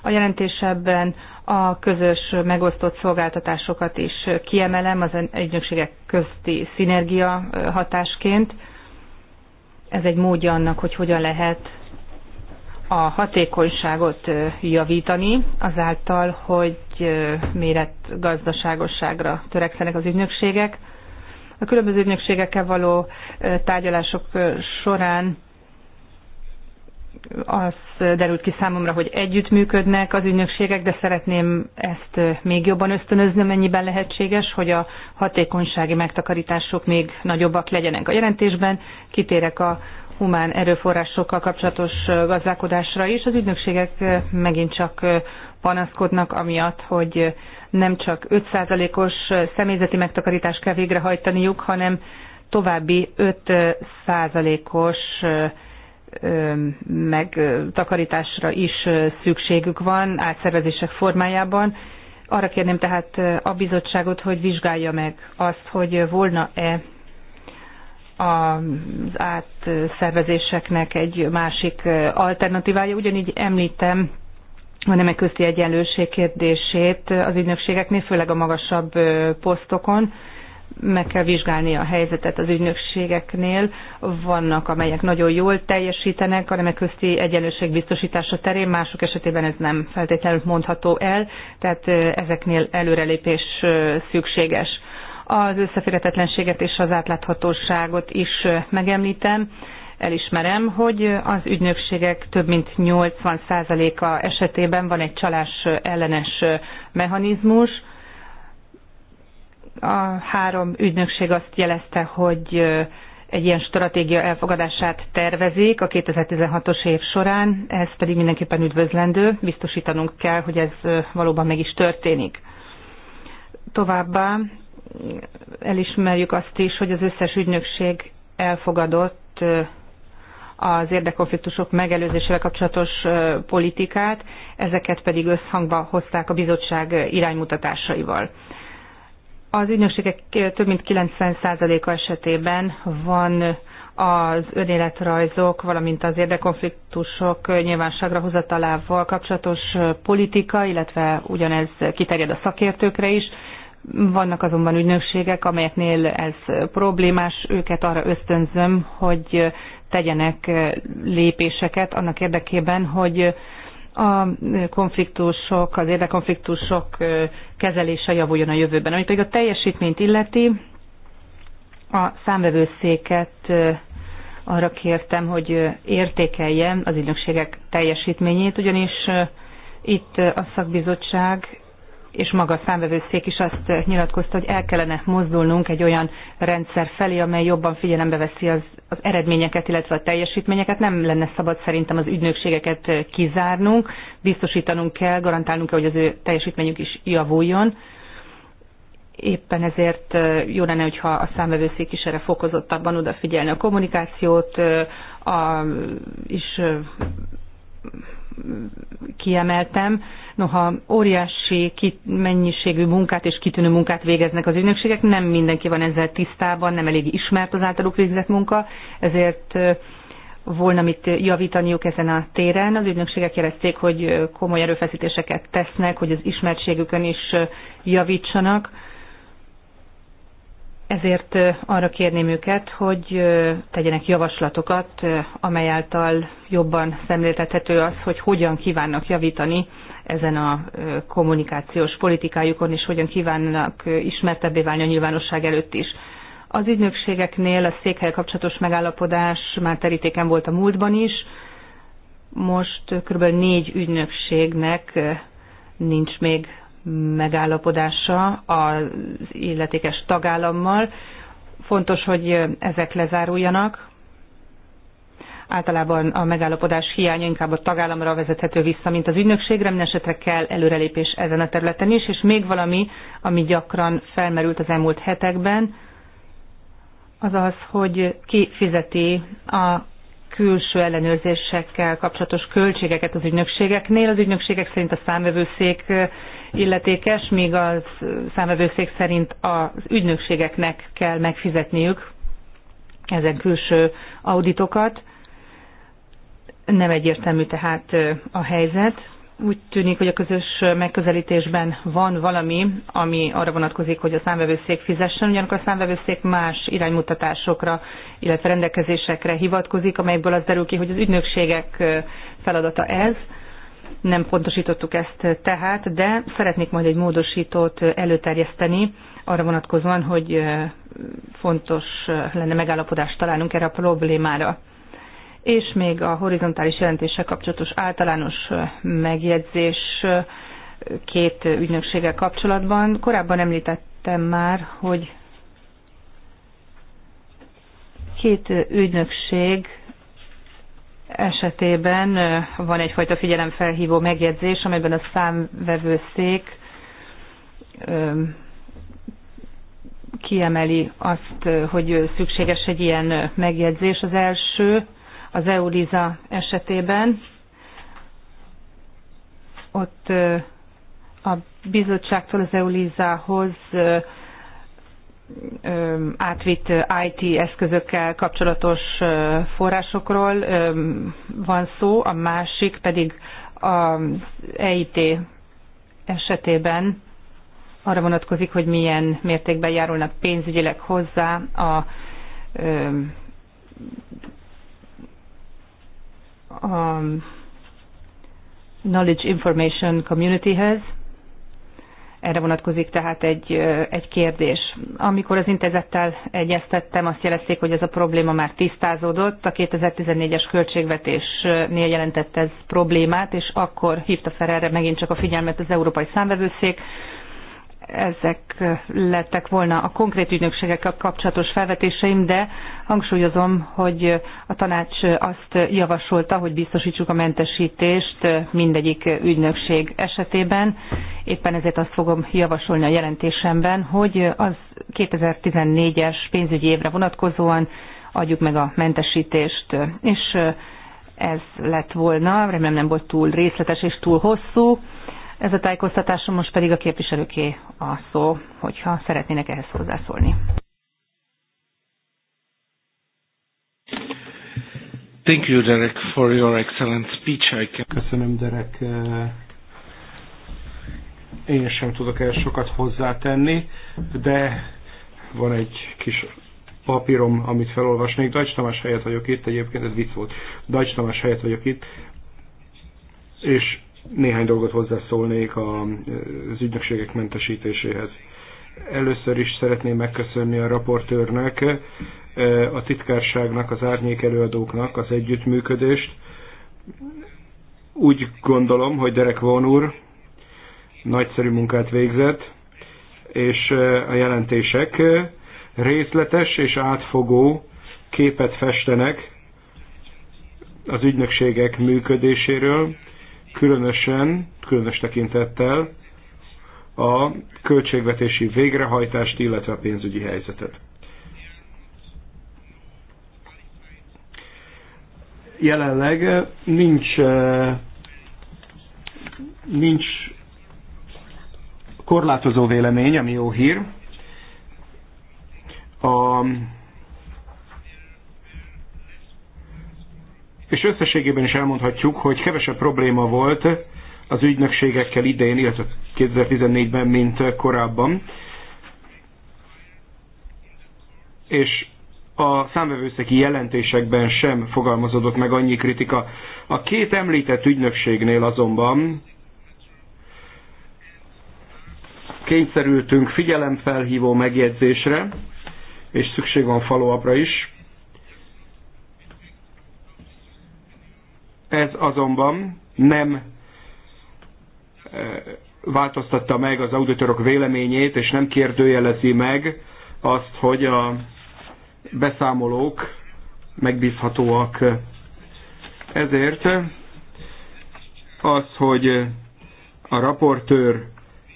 A jelentésebben a közös megosztott szolgáltatásokat is kiemelem az ügynökségek közti szinergia hatásként. Ez egy módja annak, hogy hogyan lehet a hatékonyságot javítani, azáltal, hogy méret gazdaságosságra törekszenek az ügynökségek. A különböző ügynökségekkel való tárgyalások során az derült ki számomra, hogy együttműködnek az ügynökségek, de szeretném ezt még jobban ösztönözni, mennyiben lehetséges, hogy a hatékonysági megtakarítások még nagyobbak legyenek. A jelentésben kitérek a humán erőforrásokkal kapcsolatos gazdálkodásra is. Az ügynökségek megint csak panaszkodnak amiatt, hogy nem csak 5%-os személyzeti megtakarítást kell végrehajtaniuk, hanem további 5%-os megtakarításra is szükségük van átszervezések formájában. Arra kérném tehát a bizottságot, hogy vizsgálja meg azt, hogy volna-e az átszervezéseknek egy másik alternatívája. Ugyanígy említem a nemek közti egyenlőség kérdését az ügynökségeknél, főleg a magasabb posztokon meg kell vizsgálni a helyzetet az ügynökségeknél. Vannak, amelyek nagyon jól teljesítenek a nemek közti egyenlőség biztosítása terén, mások esetében ez nem feltétlenül mondható el, tehát ezeknél előrelépés szükséges. Az összeférhetetlenséget és az átláthatóságot is megemlítem elismerem, hogy az ügynökségek több mint 80%-a esetében van egy csalás ellenes mechanizmus. A három ügynökség azt jelezte, hogy egy ilyen stratégia elfogadását tervezik a 2016-os év során, ez pedig mindenképpen üdvözlendő, biztosítanunk kell, hogy ez valóban meg is történik. Továbbá elismerjük azt is, hogy az összes ügynökség elfogadott az érdekkonfliktusok megelőzésével kapcsolatos politikát, ezeket pedig összhangba hozták a bizottság iránymutatásaival. Az ügynökségek több mint 90%-a esetében van az önéletrajzok, valamint az érdekkonfliktusok nyilvánságra hozatalával kapcsolatos politika, illetve ugyanez kiterjed a szakértőkre is. Vannak azonban ügynökségek, amelyeknél ez problémás, őket arra ösztönzöm, hogy tegyenek eh, lépéseket annak érdekében, hogy eh, a eh, konfliktusok, az érdekonfliktusok kezelése javuljon a jövőben. Amit pedig a teljesítményt illeti, a számvevőszéket arra kértem, hogy értékelje az ügynökségek teljesítményét, ugyanis itt a szakbizottság és maga a számvevőszék is azt nyilatkozta, hogy el kellene mozdulnunk egy olyan rendszer felé, amely jobban figyelembe veszi az, az eredményeket, illetve a teljesítményeket. Nem lenne szabad szerintem az ügynökségeket kizárnunk, biztosítanunk kell, garantálnunk kell, hogy az ő teljesítményük is javuljon. Éppen ezért jó lenne, hogyha a számvevőszék is erre fokozottabban odafigyelne a kommunikációt, a, is kiemeltem. Noha óriási mennyiségű munkát és kitűnő munkát végeznek az ügynökségek, nem mindenki van ezzel tisztában, nem elég ismert az általuk végzett munka, ezért volna mit javítaniuk ezen a téren. Az ügynökségek jelezték, hogy komoly erőfeszítéseket tesznek, hogy az ismertségükön is javítsanak ezért arra kérném őket, hogy tegyenek javaslatokat, amely által jobban szemléltethető az, hogy hogyan kívánnak javítani ezen a kommunikációs politikájukon, és hogyan kívánnak ismertebbé válni a nyilvánosság előtt is. Az ügynökségeknél a székhely kapcsolatos megállapodás már terítéken volt a múltban is. Most kb. négy ügynökségnek nincs még megállapodása az illetékes tagállammal. Fontos, hogy ezek lezáruljanak. Általában a megállapodás hiánya inkább a tagállamra vezethető vissza, mint az ügynökségre, minden esetre kell előrelépés ezen a területen is, és még valami, ami gyakran felmerült az elmúlt hetekben, az az, hogy ki fizeti a külső ellenőrzésekkel kapcsolatos költségeket az ügynökségeknél. Az ügynökségek szerint a számvevőszék illetékes, míg a számvevőszék szerint az ügynökségeknek kell megfizetniük ezen külső auditokat. Nem egyértelmű tehát a helyzet. Úgy tűnik, hogy a közös megközelítésben van valami, ami arra vonatkozik, hogy a számvevőszék fizessen, ugyanakkor a számvevőszék más iránymutatásokra, illetve rendelkezésekre hivatkozik, amelyből az derül ki, hogy az ügynökségek feladata ez, nem pontosítottuk ezt tehát, de szeretnék majd egy módosítót előterjeszteni arra vonatkozóan, hogy fontos lenne megállapodást találnunk erre a problémára. És még a horizontális jelentéssel kapcsolatos általános megjegyzés két ügynökséggel kapcsolatban. Korábban említettem már, hogy két ügynökség esetében van egyfajta figyelemfelhívó megjegyzés, amelyben a számvevőszék kiemeli azt, hogy szükséges egy ilyen megjegyzés. Az első az EURIZA esetében. Ott a bizottságtól az EULIZA-hoz átvitt IT eszközökkel kapcsolatos forrásokról van szó, a másik pedig az EIT esetében arra vonatkozik, hogy milyen mértékben járulnak pénzügyileg hozzá a, a Knowledge Information Communityhez, erre vonatkozik tehát egy, egy kérdés. Amikor az intézettel egyeztettem, azt jelezték, hogy ez a probléma már tisztázódott. A 2014-es költségvetésnél jelentett ez problémát, és akkor hívta fel erre megint csak a figyelmet az Európai Számvevőszék ezek lettek volna a konkrét ügynökségekkel kapcsolatos felvetéseim, de hangsúlyozom, hogy a tanács azt javasolta, hogy biztosítsuk a mentesítést mindegyik ügynökség esetében. Éppen ezért azt fogom javasolni a jelentésemben, hogy az 2014-es pénzügyi évre vonatkozóan adjuk meg a mentesítést. És ez lett volna, remélem nem volt túl részletes és túl hosszú ez a tájékoztatásom most pedig a képviselőké a szó, hogyha szeretnének ehhez hozzászólni. Thank you, Derek, for your excellent speech. I can... Köszönöm, Derek. Én sem tudok el sokat hozzátenni, de van egy kis papírom, amit felolvasnék. Dajcs Tamás helyett vagyok itt, egyébként ez vicc volt. Dajcs Tamás helyett vagyok itt, és néhány dolgot hozzászólnék az ügynökségek mentesítéséhez. Először is szeretném megköszönni a raportőrnek, eh, a titkárságnak, az árnyék előadóknak az együttműködést. Úgy gondolom, hogy Derek Von úr nagyszerű munkát végzett, és eh, a jelentések eh, részletes és átfogó képet festenek az ügynökségek működéséről, különösen, különös tekintettel a költségvetési végrehajtást, illetve a pénzügyi helyzetet. Jelenleg eh, nincs, eh, nincs korlátozó vélemény, ami jó hír. A és összességében is elmondhatjuk, hogy kevesebb probléma volt az ügynökségekkel idején, illetve 2014-ben, mint korábban. És a számvevőszeki jelentésekben sem fogalmazódott meg annyi kritika. A két említett ügynökségnél azonban kényszerültünk figyelemfelhívó megjegyzésre, és szükség van follow is, Ez azonban nem eh, változtatta meg az auditorok véleményét, és nem kérdőjelezi meg azt, hogy a beszámolók megbízhatóak. Ezért az, hogy a raportőr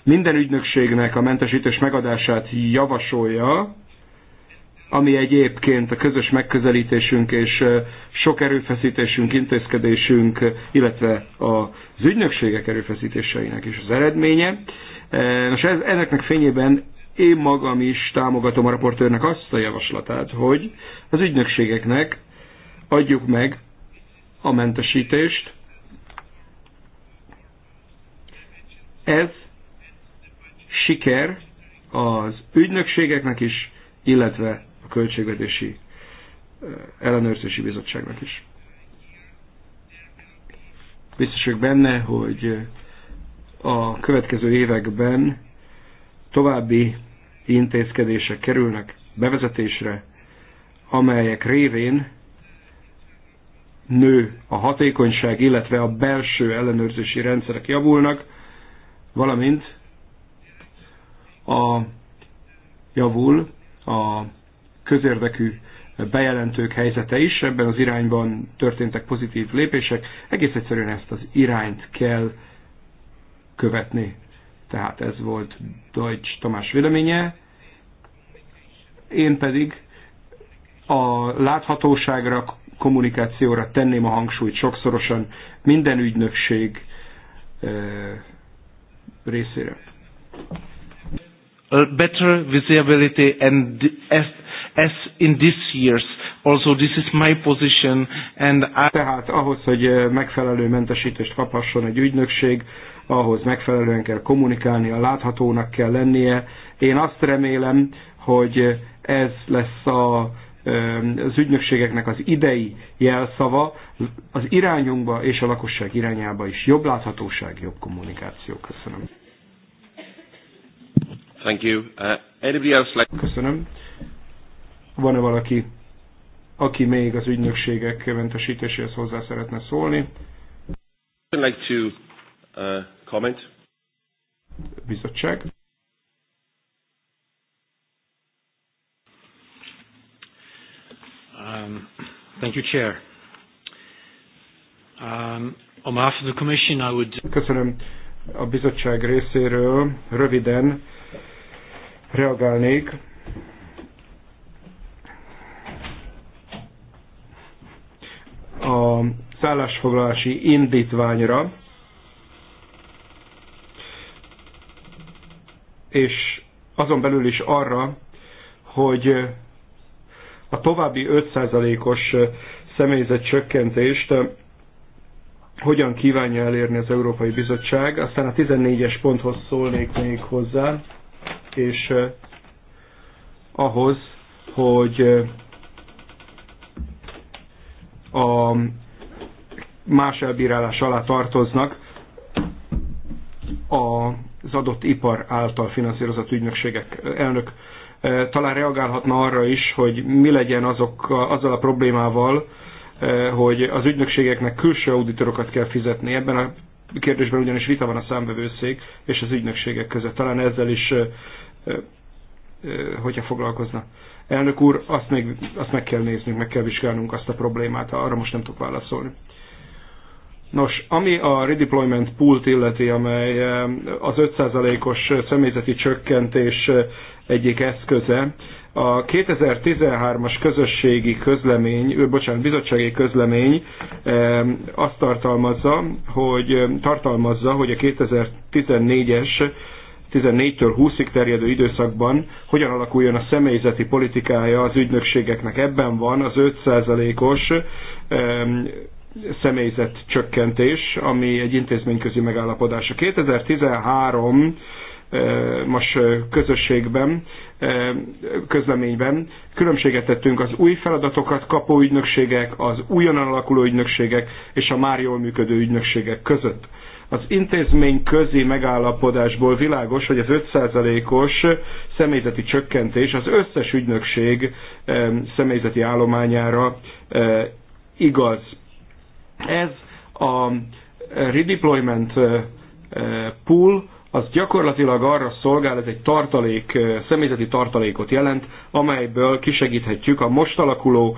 minden ügynökségnek a mentesítés megadását javasolja, ami egyébként a közös megközelítésünk és sok erőfeszítésünk, intézkedésünk, illetve az ügynökségek erőfeszítéseinek is az eredménye. Nos, e, ez, ennek fényében én magam is támogatom a raportőrnek azt a javaslatát, hogy az ügynökségeknek adjuk meg a mentesítést. Ez siker az ügynökségeknek is, illetve a Költségvetési Ellenőrzési Bizottságnak is. Biztos vagyok benne, hogy a következő években további intézkedések kerülnek bevezetésre, amelyek révén nő a hatékonyság, illetve a belső ellenőrzési rendszerek javulnak, valamint a javul a közérdekű bejelentők helyzete is, ebben az irányban történtek pozitív lépések, egész egyszerűen ezt az irányt kell követni. Tehát ez volt Deutsch Tamás véleménye, én pedig a láthatóságra, kommunikációra tenném a hangsúlyt sokszorosan minden ügynökség részére. A better visibility and as in this year's. Also this is my position and I... Tehát ahhoz, hogy eh, megfelelő mentesítést kaphasson egy ügynökség, ahhoz megfelelően kell kommunikálni, a láthatónak kell lennie. Én azt remélem, hogy ez lesz a, eh, az ügynökségeknek az idei jelszava, az irányunkba és a lakosság irányába is. Jobb láthatóság, jobb kommunikáció. Köszönöm. Thank you. Uh, anybody else like... Köszönöm. Van-e valaki, aki még az ügynökségek mentesítéséhez hozzá szeretne szólni? I'd like to uh, comment. Bizottság. Um, thank you, Chair. Um, on behalf of the Commission, I would... Köszönöm a bizottság részéről. Röviden reagálnék a szállásfoglalási indítványra, és azon belül is arra, hogy a további 5%-os személyzet csökkentést eh, hogyan kívánja elérni az Európai Bizottság. Aztán a 14-es ponthoz szólnék még hozzá, és eh, ahhoz, hogy eh, a más elbírálás alá tartoznak az adott ipar által finanszírozott ügynökségek elnök e, talán reagálhatna arra is, hogy mi legyen azok, azzal a problémával, e, hogy az ügynökségeknek külső auditorokat kell fizetni. Ebben a kérdésben ugyanis vita van a számbevőszék és az ügynökségek között. Talán ezzel is, e, hogyha foglalkozna. Elnök úr, azt, még, azt meg kell néznünk, meg kell vizsgálnunk azt a problémát, arra most nem tudok válaszolni. Nos, ami a redeployment pool illeti, amely eh, az 5%-os személyzeti csökkentés eh, egyik eszköze, a 2013-as közösségi közlemény, bocsánat, bizottsági közlemény eh, azt tartalmazza, hogy tartalmazza, hogy a 2014-es 14-től 20-ig terjedő időszakban hogyan alakuljon a személyzeti politikája az ügynökségeknek. Ebben van az 5%-os személyzet csökkentés, ami egy intézményközi megállapodás. A 2013 most közösségben, közleményben különbséget tettünk az új feladatokat kapó ügynökségek, az újonnan alakuló ügynökségek és a már jól működő ügynökségek között. Az intézmény közi megállapodásból világos, hogy az 5%-os személyzeti csökkentés az összes ügynökség személyzeti állományára igaz. Ez a redeployment pool, az gyakorlatilag arra szolgál, ez egy tartalék, személyzeti tartalékot jelent, amelyből kisegíthetjük a most alakuló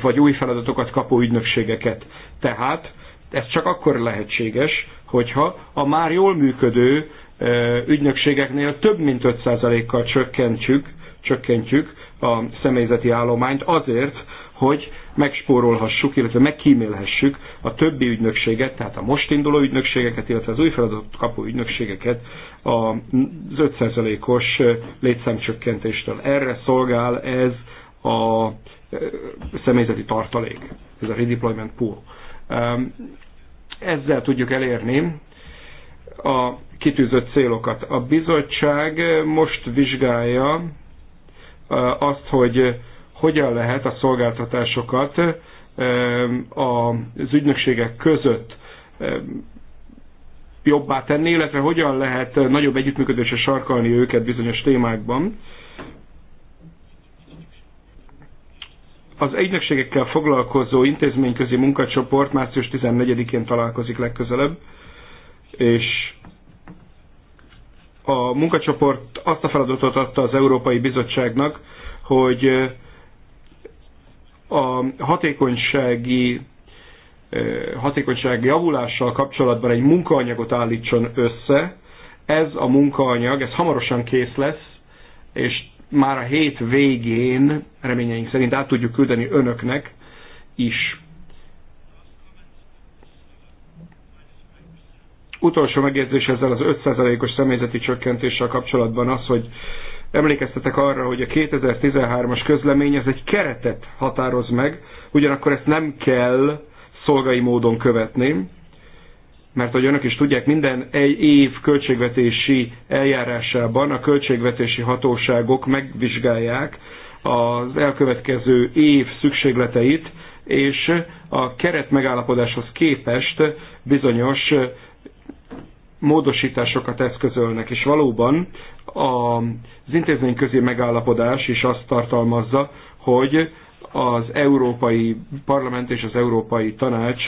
vagy új feladatokat kapó ügynökségeket. Tehát ez csak akkor lehetséges, hogyha a már jól működő e, ügynökségeknél több mint 5%-kal csökkentjük, csökkentjük a személyzeti állományt azért, hogy megspórolhassuk, illetve megkímélhessük a többi ügynökséget, tehát a most induló ügynökségeket, illetve az új feladatot kapó ügynökségeket az 5%-os létszámcsökkentéstől. Erre szolgál ez a e, személyzeti tartalék, ez a redeployment pool ezzel tudjuk elérni a kitűzött célokat. A bizottság most vizsgálja azt, hogy hogyan lehet a szolgáltatásokat az ügynökségek között jobbá tenni, illetve hogyan lehet nagyobb együttműködésre sarkalni őket bizonyos témákban. Az egynökségekkel foglalkozó intézményközi munkacsoport március 14-én találkozik legközelebb, és a munkacsoport azt a feladatot adta az Európai Bizottságnak, hogy a hatékonysági hatékonyság javulással kapcsolatban egy munkaanyagot állítson össze. Ez a munkaanyag, ez hamarosan kész lesz, és már a hét végén reményeink szerint át tudjuk küldeni önöknek is. Utolsó megjegyzés ezzel az 5%-os személyzeti csökkentéssel kapcsolatban az, hogy emlékeztetek arra, hogy a 2013-as közlemény ez egy keretet határoz meg, ugyanakkor ezt nem kell szolgai módon követni mert ahogy önök is tudják, minden egy év költségvetési eljárásában a költségvetési hatóságok megvizsgálják az elkövetkező év szükségleteit, és a keret megállapodáshoz képest bizonyos módosításokat eszközölnek, és valóban az intézményközi megállapodás is azt tartalmazza, hogy az Európai Parlament és az Európai Tanács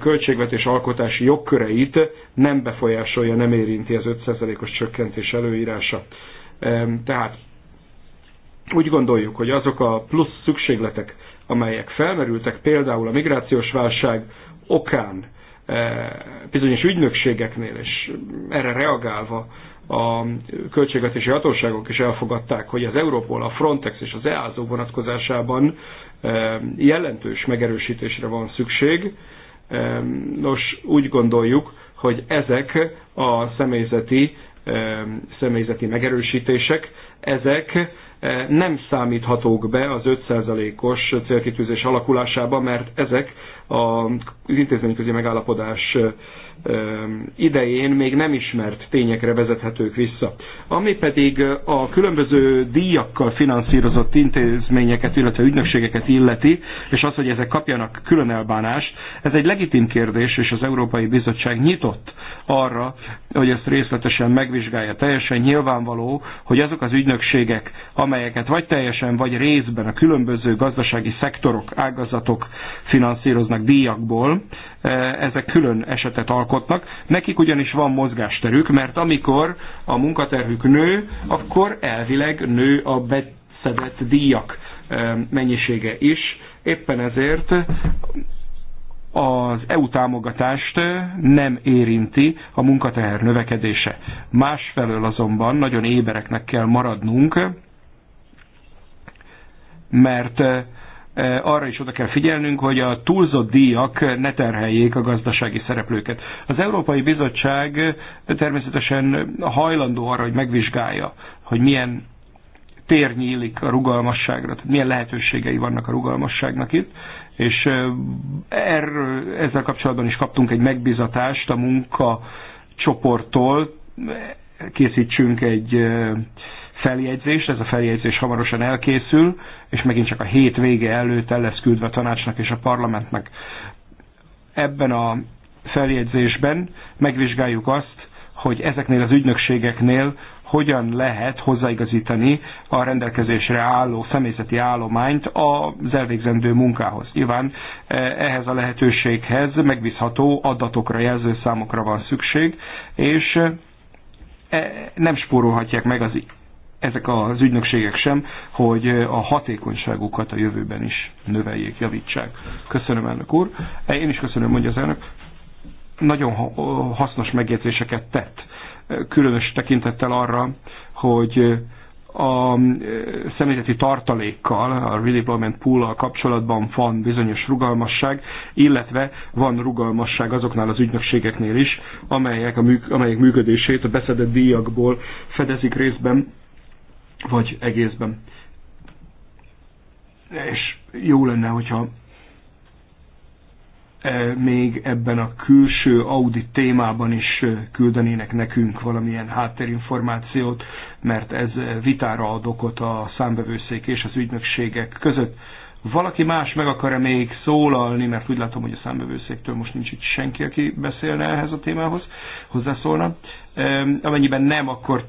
költségvetés alkotási jogköreit nem befolyásolja, nem érinti az 5%-os csökkentés előírása. Tehát úgy gondoljuk, hogy azok a plusz szükségletek, amelyek felmerültek, például a migrációs válság okán bizonyos ügynökségeknél, és erre reagálva a költségvetési hatóságok is elfogadták, hogy az Európol, a Frontex és az EASO vonatkozásában jelentős megerősítésre van szükség, Nos, úgy gondoljuk, hogy ezek a személyzeti, személyzeti megerősítések, ezek e, nem számíthatók be az 5%-os célkitűzés alakulásába, mert ezek az intézményközi megállapodás idején még nem ismert tényekre vezethetők vissza. Ami pedig a különböző díjakkal finanszírozott intézményeket, illetve ügynökségeket illeti, és az, hogy ezek kapjanak külön elbánást, ez egy legitim kérdés, és az Európai Bizottság nyitott arra, hogy ezt részletesen megvizsgálja. Teljesen nyilvánvaló, hogy azok az ügynökségek, amelyeket vagy teljesen, vagy részben a különböző gazdasági szektorok, ágazatok finanszíroznak díjakból, ezek külön esetet alkotnak alkotnak. Nekik ugyanis van mozgásterük, mert amikor a munkaterhük nő, akkor elvileg nő a beszedett díjak mennyisége is. Éppen ezért az EU támogatást nem érinti a munkateher növekedése. Másfelől azonban nagyon ébereknek kell maradnunk, mert arra is oda kell figyelnünk, hogy a túlzott díjak ne terheljék a gazdasági szereplőket. Az Európai Bizottság természetesen hajlandó arra, hogy megvizsgálja, hogy milyen tér nyílik a rugalmasságra, tehát milyen lehetőségei vannak a rugalmasságnak itt, és erről, ezzel kapcsolatban is kaptunk egy megbizatást a munka csoporttól, készítsünk egy feljegyzés, ez a feljegyzés hamarosan elkészül, és megint csak a hét vége előtt el lesz küldve a tanácsnak és a parlamentnek. Ebben a feljegyzésben megvizsgáljuk azt, hogy ezeknél az ügynökségeknél hogyan lehet hozzáigazítani a rendelkezésre álló személyzeti állományt az elvégzendő munkához. Nyilván eh, ehhez a lehetőséghez megbízható adatokra, jelzőszámokra van szükség, és eh, nem spórolhatják meg az ezek az ügynökségek sem, hogy a hatékonyságukat a jövőben is növeljék, javítsák. Köszönöm, elnök úr. E, én is köszönöm, mondja az elnök. Nagyon hasznos megjegyzéseket tett, különös tekintettel arra, hogy a személyzeti tartalékkal, a redeployment pool-al kapcsolatban van bizonyos rugalmasság, illetve van rugalmasság azoknál az ügynökségeknél is, amelyek, a műk, amelyek működését a beszedett díjakból fedezik részben vagy egészben. És jó lenne, hogyha e, még ebben a külső Audi témában is e, küldenének nekünk valamilyen háttérinformációt, mert ez e, vitára ad okot a számbevőszék és az ügynökségek között. Valaki más meg akar-e még szólalni, mert úgy látom, hogy a számbevőszéktől most nincs itt senki, aki beszélne ehhez a témához, hozzászólna. Amennyiben nem, akkor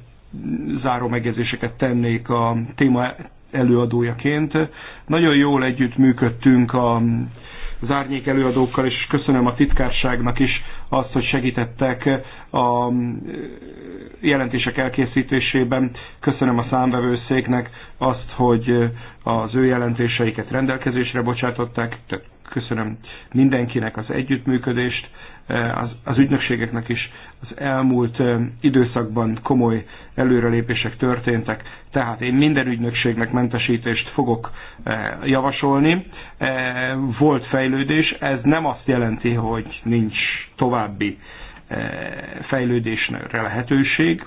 záró megjegyzéseket tennék a téma előadójaként. Nagyon jól együtt működtünk a, az árnyék előadókkal, és köszönöm a titkárságnak is azt, hogy segítettek a jelentések elkészítésében. Köszönöm a számvevőszéknek azt, hogy az ő jelentéseiket rendelkezésre bocsátották, tehát köszönöm mindenkinek az együttműködést, eh, az, az ügynökségeknek is az elmúlt eh, időszakban komoly előrelépések történtek, tehát én minden ügynökségnek mentesítést fogok eh, javasolni. Volt fejlődés, ez nem azt jelenti, hogy nincs további fejlődésre lehetőség.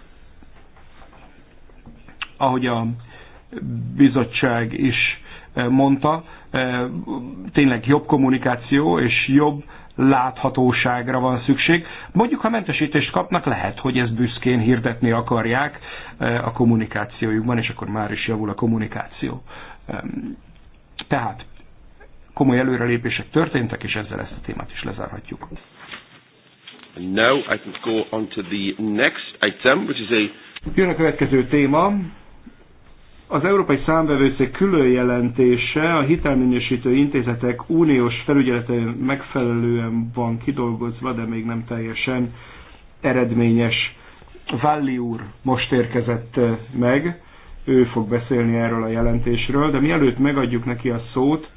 Ahogy a bizottság is mondta, tényleg jobb kommunikáció és jobb láthatóságra van szükség. Mondjuk, ha mentesítést kapnak, lehet, hogy ezt büszkén hirdetni akarják a kommunikációjukban, és akkor már is javul a kommunikáció. Tehát komoly előrelépések történtek, és ezzel ezt a témát is lezárhatjuk. Now I can go on to the next item, which is a... Jön a következő téma, az Európai Számvevőszék külön jelentése a hitelminősítő intézetek uniós felügyelete megfelelően van kidolgozva, de még nem teljesen eredményes. Valli úr most érkezett eh, meg, ő fog beszélni erről a jelentésről, de mielőtt megadjuk neki a szót,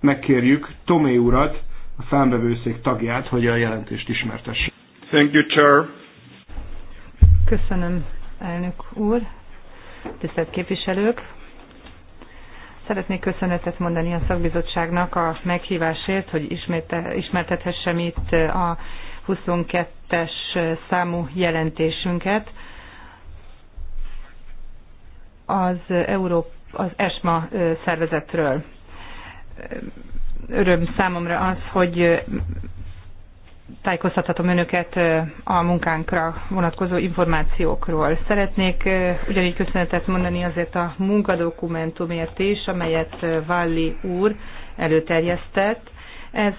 megkérjük Tomé urat, a számbevőszék tagját, hogy a jelentést ismertesse. Thank you, Chair. Köszönöm, elnök úr, tisztelt képviselők! Szeretnék köszönetet mondani a szakbizottságnak a meghívásért, hogy ismertethessem itt a 22-es számú jelentésünket. Az Európa, az ESMA szervezetről. Öröm számomra az, hogy tájékoztathatom önöket a munkánkra vonatkozó információkról. Szeretnék ugyanígy köszönetet mondani azért a munkadokumentumért is, amelyet Valli úr előterjesztett. Ez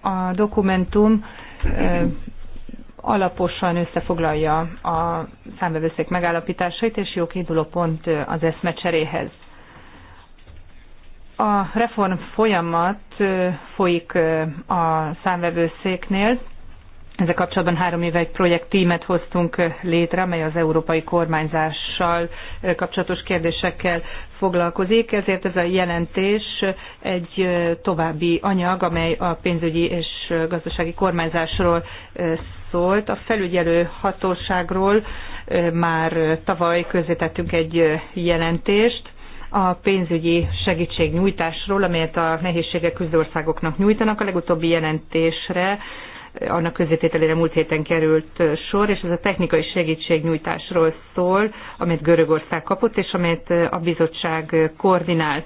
a dokumentum alaposan összefoglalja a számbevőszék megállapításait, és jó kiinduló pont az eszmecseréhez. A reform folyamat folyik a számvevőszéknél. Ezzel kapcsolatban három éve egy projekttímet hoztunk létre, amely az európai kormányzással kapcsolatos kérdésekkel foglalkozik, ezért ez a jelentés egy további anyag, amely a pénzügyi és gazdasági kormányzásról szólt. A felügyelő hatóságról már tavaly közétettünk egy jelentést, a pénzügyi segítségnyújtásról, amelyet a nehézségek küzdországoknak nyújtanak. A legutóbbi jelentésre annak közétételére múlt héten került sor, és ez a technikai segítségnyújtásról szól, amit Görögország kapott, és amit a bizottság koordinál.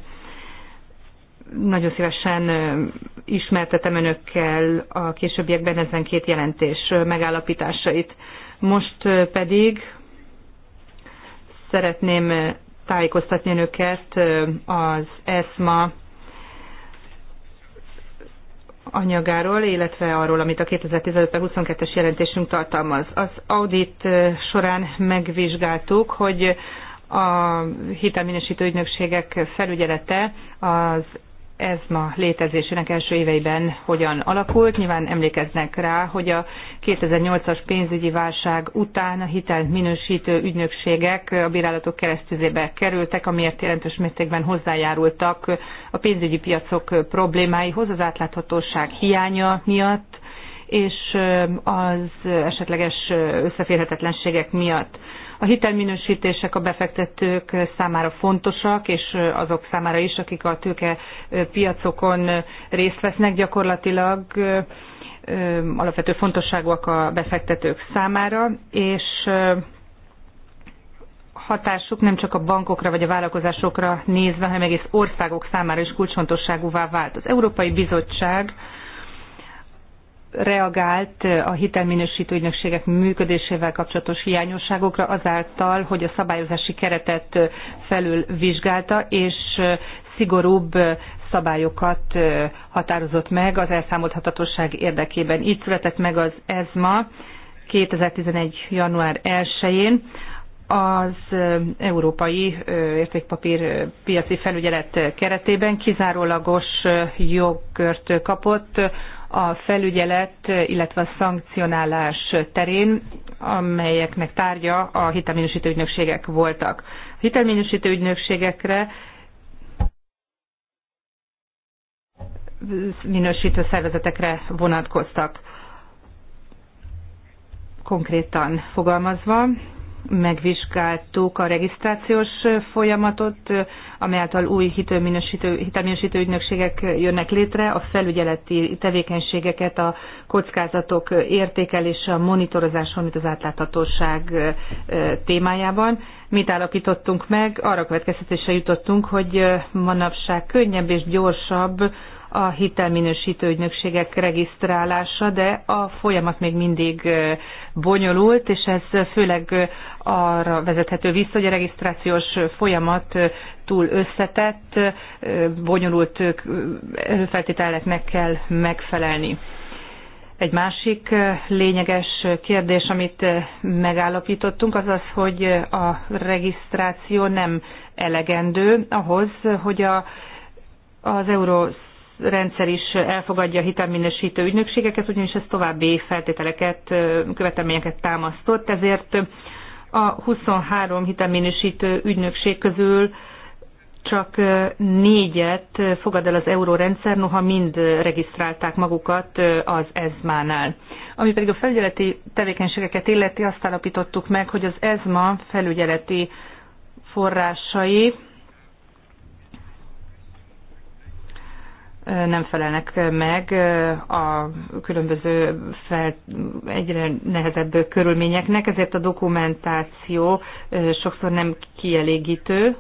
Nagyon szívesen ismertetem önökkel a későbbiekben ezen két jelentés megállapításait. Most pedig szeretném tájékoztatni önöket az ESMA anyagáról, illetve arról, amit a 2015-22-es jelentésünk tartalmaz. Az audit során megvizsgáltuk, hogy a hitelminősítő ügynökségek felügyelete az ez ma létezésének első éveiben hogyan alakult. Nyilván emlékeznek rá, hogy a 2008-as pénzügyi válság után a hitelt minősítő ügynökségek a bírálatok keresztüzébe kerültek, amiért jelentős mértékben hozzájárultak a pénzügyi piacok problémáihoz, az átláthatóság hiánya miatt, és az esetleges összeférhetetlenségek miatt. A hitelminősítések a befektetők számára fontosak, és azok számára is, akik a tőke piacokon részt vesznek gyakorlatilag alapvető fontosságúak a befektetők számára, és hatásuk nem csak a bankokra vagy a vállalkozásokra nézve, hanem egész országok számára is kulcsfontosságúvá vált. Az Európai Bizottság reagált a hitelminősítő ügynökségek működésével kapcsolatos hiányosságokra azáltal, hogy a szabályozási keretet felül vizsgálta, és szigorúbb szabályokat határozott meg az elszámolhatatosság érdekében. Így született meg az ESMA 2011. január 1-én az Európai Értékpapír Piaci Felügyelet keretében kizárólagos jogkört kapott a felügyelet, illetve a szankcionálás terén, amelyeknek tárgya a hitelminősítő ügynökségek voltak. A hitelminősítő ügynökségekre minősítő szervezetekre vonatkoztak konkrétan fogalmazva megvizsgáltuk a regisztrációs folyamatot, amelyáltal új hitelminősítő, ügynökségek jönnek létre, a felügyeleti tevékenységeket, a kockázatok értékelése, a monitorozás, mint az átláthatóság témájában. Mit állapítottunk meg? Arra következtetésre jutottunk, hogy manapság könnyebb és gyorsabb a hitelminősítő ügynökségek regisztrálása, de a folyamat még mindig bonyolult, és ez főleg arra vezethető vissza, hogy a regisztrációs folyamat túl összetett, bonyolult feltételeknek kell megfelelni. Egy másik lényeges kérdés, amit megállapítottunk, az az, hogy a regisztráció nem elegendő ahhoz, hogy a, az euró rendszer is elfogadja a hitelminősítő ügynökségeket, ugyanis ez további feltételeket, követelményeket támasztott, ezért a 23 hitelminősítő ügynökség közül csak négyet fogad el az eurórendszer, noha mind regisztrálták magukat az ESMA-nál. Ami pedig a felügyeleti tevékenységeket illeti, azt állapítottuk meg, hogy az ESMA felügyeleti forrásai nem felelnek meg a különböző fel, egyre nehezebb körülményeknek, ezért a dokumentáció sokszor nem kielégítő,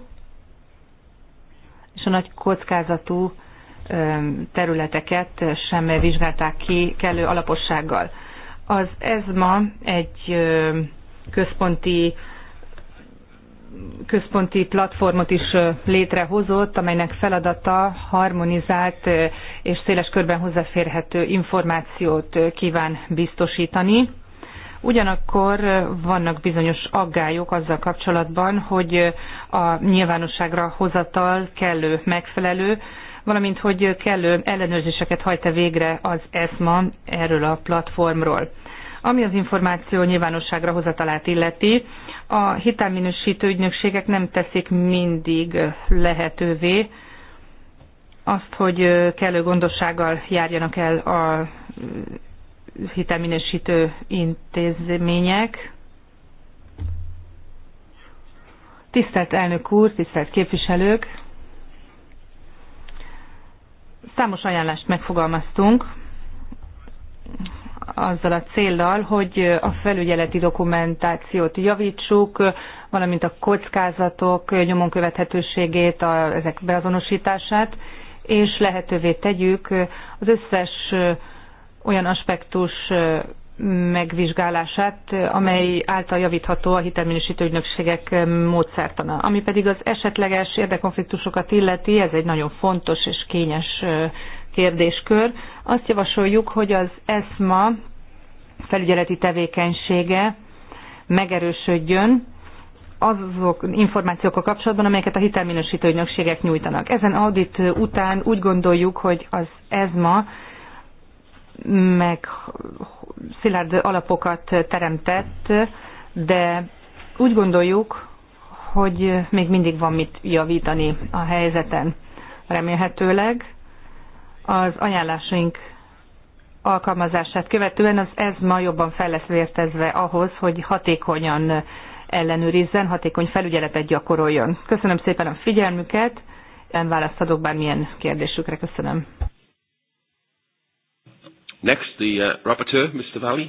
és a nagy kockázatú területeket sem vizsgálták ki kellő alapossággal. Az ESMA egy központi központi platformot is létrehozott, amelynek feladata harmonizált és széles körben hozzáférhető információt kíván biztosítani. Ugyanakkor vannak bizonyos aggályok azzal kapcsolatban, hogy a nyilvánosságra hozatal kellő megfelelő, valamint hogy kellő ellenőrzéseket hajt -e végre az ESMA erről a platformról. Ami az információ nyilvánosságra hozatalát illeti, a hitelminősítő ügynökségek nem teszik mindig lehetővé azt, hogy kellő gondossággal járjanak el a hitelminősítő intézmények. Tisztelt elnök úr, tisztelt képviselők! Számos ajánlást megfogalmaztunk azzal a céllal, hogy a felügyeleti dokumentációt javítsuk, valamint a kockázatok nyomon követhetőségét, a, ezek beazonosítását, és lehetővé tegyük az összes olyan aspektus megvizsgálását, amely által javítható a hitelminősítő ügynökségek módszertana. Ami pedig az esetleges érdekkonfliktusokat illeti, ez egy nagyon fontos és kényes kérdéskör. Azt javasoljuk, hogy az ESMA felügyeleti tevékenysége megerősödjön azok információkkal kapcsolatban, amelyeket a hitelminősítő ügynökségek nyújtanak. Ezen audit után úgy gondoljuk, hogy az ESMA meg szilárd alapokat teremtett, de úgy gondoljuk, hogy még mindig van mit javítani a helyzeten. Remélhetőleg az ajánlásaink alkalmazását követően az ez ma jobban fel lesz vértezve ahhoz, hogy hatékonyan ellenőrizzen, hatékony felügyeletet gyakoroljon. Köszönöm szépen a figyelmüket, nem választ adok bármilyen kérdésükre. Köszönöm. Next, the uh, rapporteur, Mr. Valley.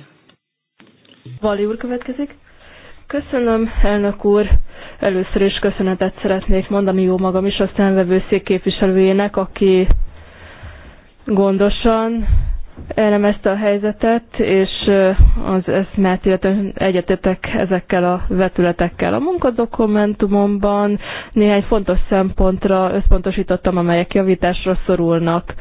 Vali úr következik. Köszönöm, elnök úr. Először is köszönetet szeretnék mondani jó magam is a szemvevőszék képviselőjének, aki gondosan elemezte a helyzetet, és az eszmét, illetve egyetetek ezekkel a vetületekkel. A munkadokumentumomban néhány fontos szempontra összpontosítottam, amelyek javításra szorulnak.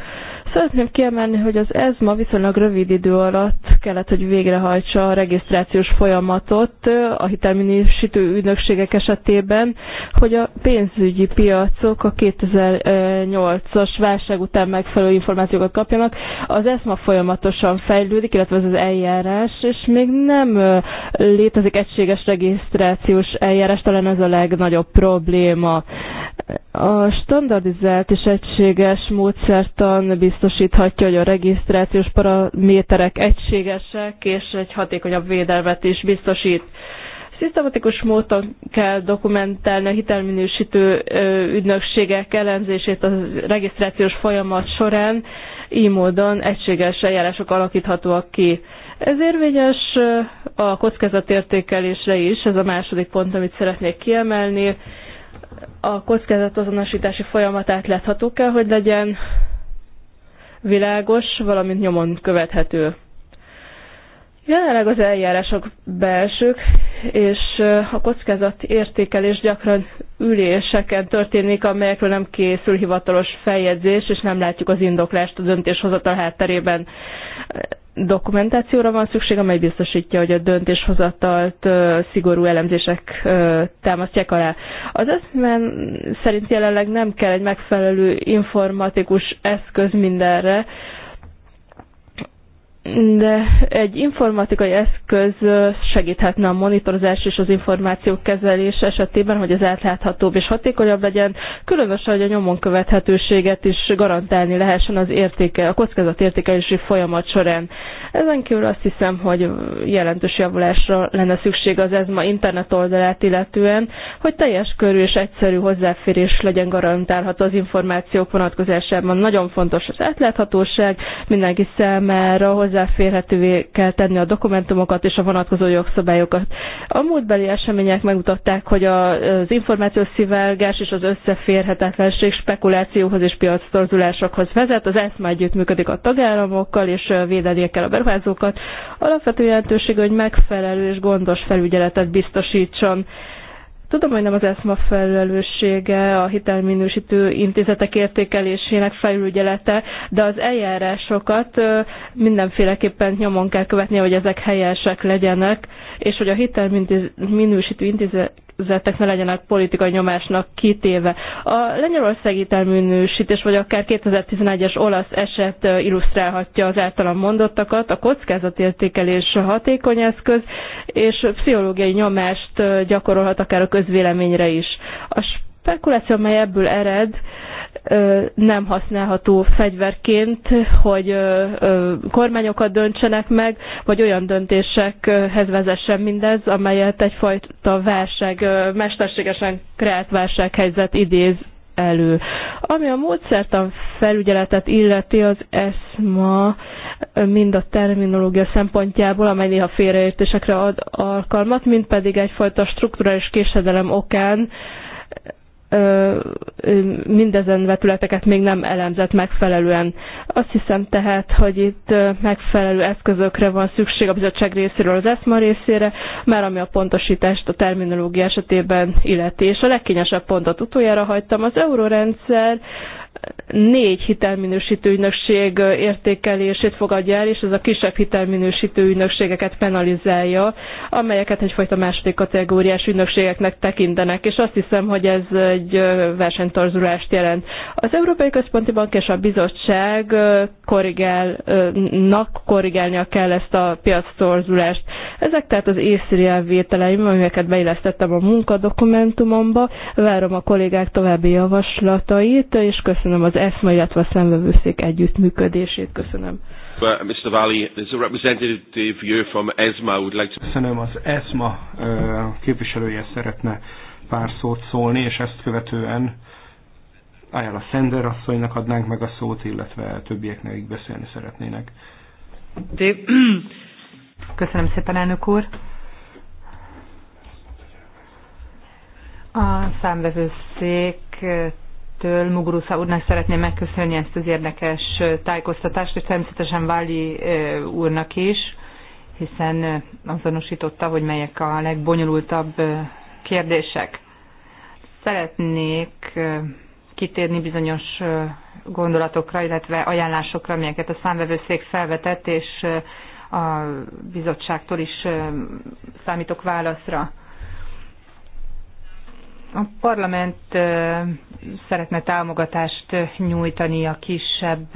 Szeretném kiemelni, hogy az ESMA viszonylag rövid idő alatt kellett, hogy végrehajtsa a regisztrációs folyamatot a hitelminősítő ügynökségek esetében, hogy a pénzügyi piacok a 2008-as válság után megfelelő információkat kapjanak. Az ESMA folyamatosan fejlődik, illetve ez az eljárás, és még nem létezik egységes regisztrációs eljárás, talán ez a legnagyobb probléma. A standardizált és egységes módszertan biztosíthatja, hogy a regisztrációs paraméterek egységesek, és egy hatékonyabb védelmet is biztosít. Szisztematikus módon kell dokumentálni a hitelminősítő ügynökségek ellenzését a regisztrációs folyamat során, így módon egységes eljárások alakíthatóak ki. Ez érvényes a kockázatértékelésre is, ez a második pont, amit szeretnék kiemelni a kockázatozonosítási folyamatát látható kell, hogy legyen világos, valamint nyomon követhető. Jelenleg az eljárások belsők, és a kockázat értékelés gyakran üléseken történik, amelyekről nem készül hivatalos feljegyzés, és nem látjuk az indoklást a döntéshozatal hátterében dokumentációra van szükség, amely biztosítja, hogy a döntéshozatalt szigorú elemzések támasztják alá. Az eszmen szerint jelenleg nem kell egy megfelelő informatikus eszköz mindenre, de egy informatikai eszköz segíthetne a monitorozás és az információk kezelés esetében, hogy ez átláthatóbb és hatékonyabb legyen, különösen, hogy a nyomon követhetőséget is garantálni lehessen az értéke, a értékelési folyamat során. Ezen kívül azt hiszem, hogy jelentős javulásra lenne szükség az ma internet oldalát illetően, hogy teljes körű és egyszerű hozzáférés legyen garantálható az információk vonatkozásában. Nagyon fontos az átláthatóság mindenki számára, hozzá hozzáférhetővé kell tenni a dokumentumokat és a vonatkozó jogszabályokat. A múltbeli események megmutatták, hogy az információszivárgás és az összeférhetetlenség spekulációhoz és piactorzulásokhoz vezet. Az ESMA együttműködik a tagállamokkal és védelnie kell a beruházókat. Alapvető jelentőség, hogy megfelelő és gondos felügyeletet biztosítson Tudom, hogy nem az ESMA felelőssége a hitelminősítő intézetek értékelésének felügyelete, de az eljárásokat mindenféleképpen nyomon kell követni, hogy ezek helyesek legyenek, és hogy a hitelminősítő szervezetek ne legyenek politikai nyomásnak kitéve. A lengyelországi terműnősítés, vagy akár 2011-es olasz eset illusztrálhatja az általam mondottakat. A kockázatértékelés hatékony eszköz, és pszichológiai nyomást gyakorolhat akár a közvéleményre is. A spekuláció, amely ebből ered, nem használható fegyverként, hogy kormányokat döntsenek meg, vagy olyan döntésekhez vezessen mindez, amelyet egyfajta válság, mesterségesen kreált válsághelyzet idéz elő. Ami a módszertan felügyeletet illeti, az ESMA mind a terminológia szempontjából, amely néha félreértésekre ad alkalmat, mind pedig egyfajta strukturális késedelem okán mindezen vetületeket még nem elemzett megfelelően. Azt hiszem tehát, hogy itt megfelelő eszközökre van szükség a bizottság részéről, az ESMA részére, már ami a pontosítást a terminológia esetében illeti. És a legkényesebb pontot utoljára hagytam. Az eurórendszer négy hitelminősítő ügynökség értékelését fogadja el, és ez a kisebb hitelminősítő ügynökségeket penalizálja, amelyeket egyfajta második kategóriás ügynökségeknek tekintenek, és azt hiszem, hogy ez egy versenytorzulást jelent. Az Európai Központi Bank és a Bizottság korrigálnak, korrigálnia kell ezt a piactorzulást. Ezek tehát az észri elvételeim, amelyeket beillesztettem a munkadokumentumomba. Várom a kollégák további javaslatait, és köszönöm köszönöm az ESMA, illetve a szemvevőszék együttműködését. Köszönöm. Mr. Valley, there's a representative here from ESMA would like to... Köszönöm, az ESMA képviselője szeretne pár szót szólni, és ezt követően Ayala Sender asszonynak adnánk meg a szót, illetve többieknek, így beszélni szeretnének. Köszönöm szépen, elnök úr. A számvevőszék Bizottságtól Mugurusza úrnak szeretném megköszönni ezt az érdekes tájékoztatást, és természetesen Váli úrnak is, hiszen azonosította, hogy melyek a legbonyolultabb kérdések. Szeretnék kitérni bizonyos gondolatokra, illetve ajánlásokra, amelyeket a számvevőszék felvetett, és a bizottságtól is számítok válaszra. A parlament szeretne támogatást nyújtani a kisebb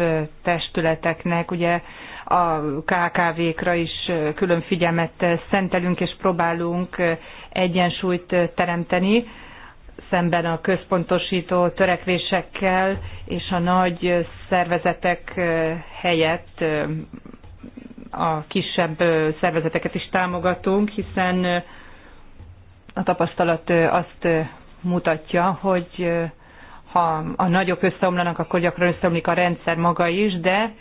testületeknek, ugye a KKV-kra is külön figyelmet szentelünk és próbálunk egyensúlyt teremteni szemben a központosító törekvésekkel és a nagy szervezetek helyett a kisebb szervezeteket is támogatunk, hiszen a tapasztalat azt mutatja, hogy ha a nagyok összeomlanak, akkor gyakran összeomlik a rendszer maga is, de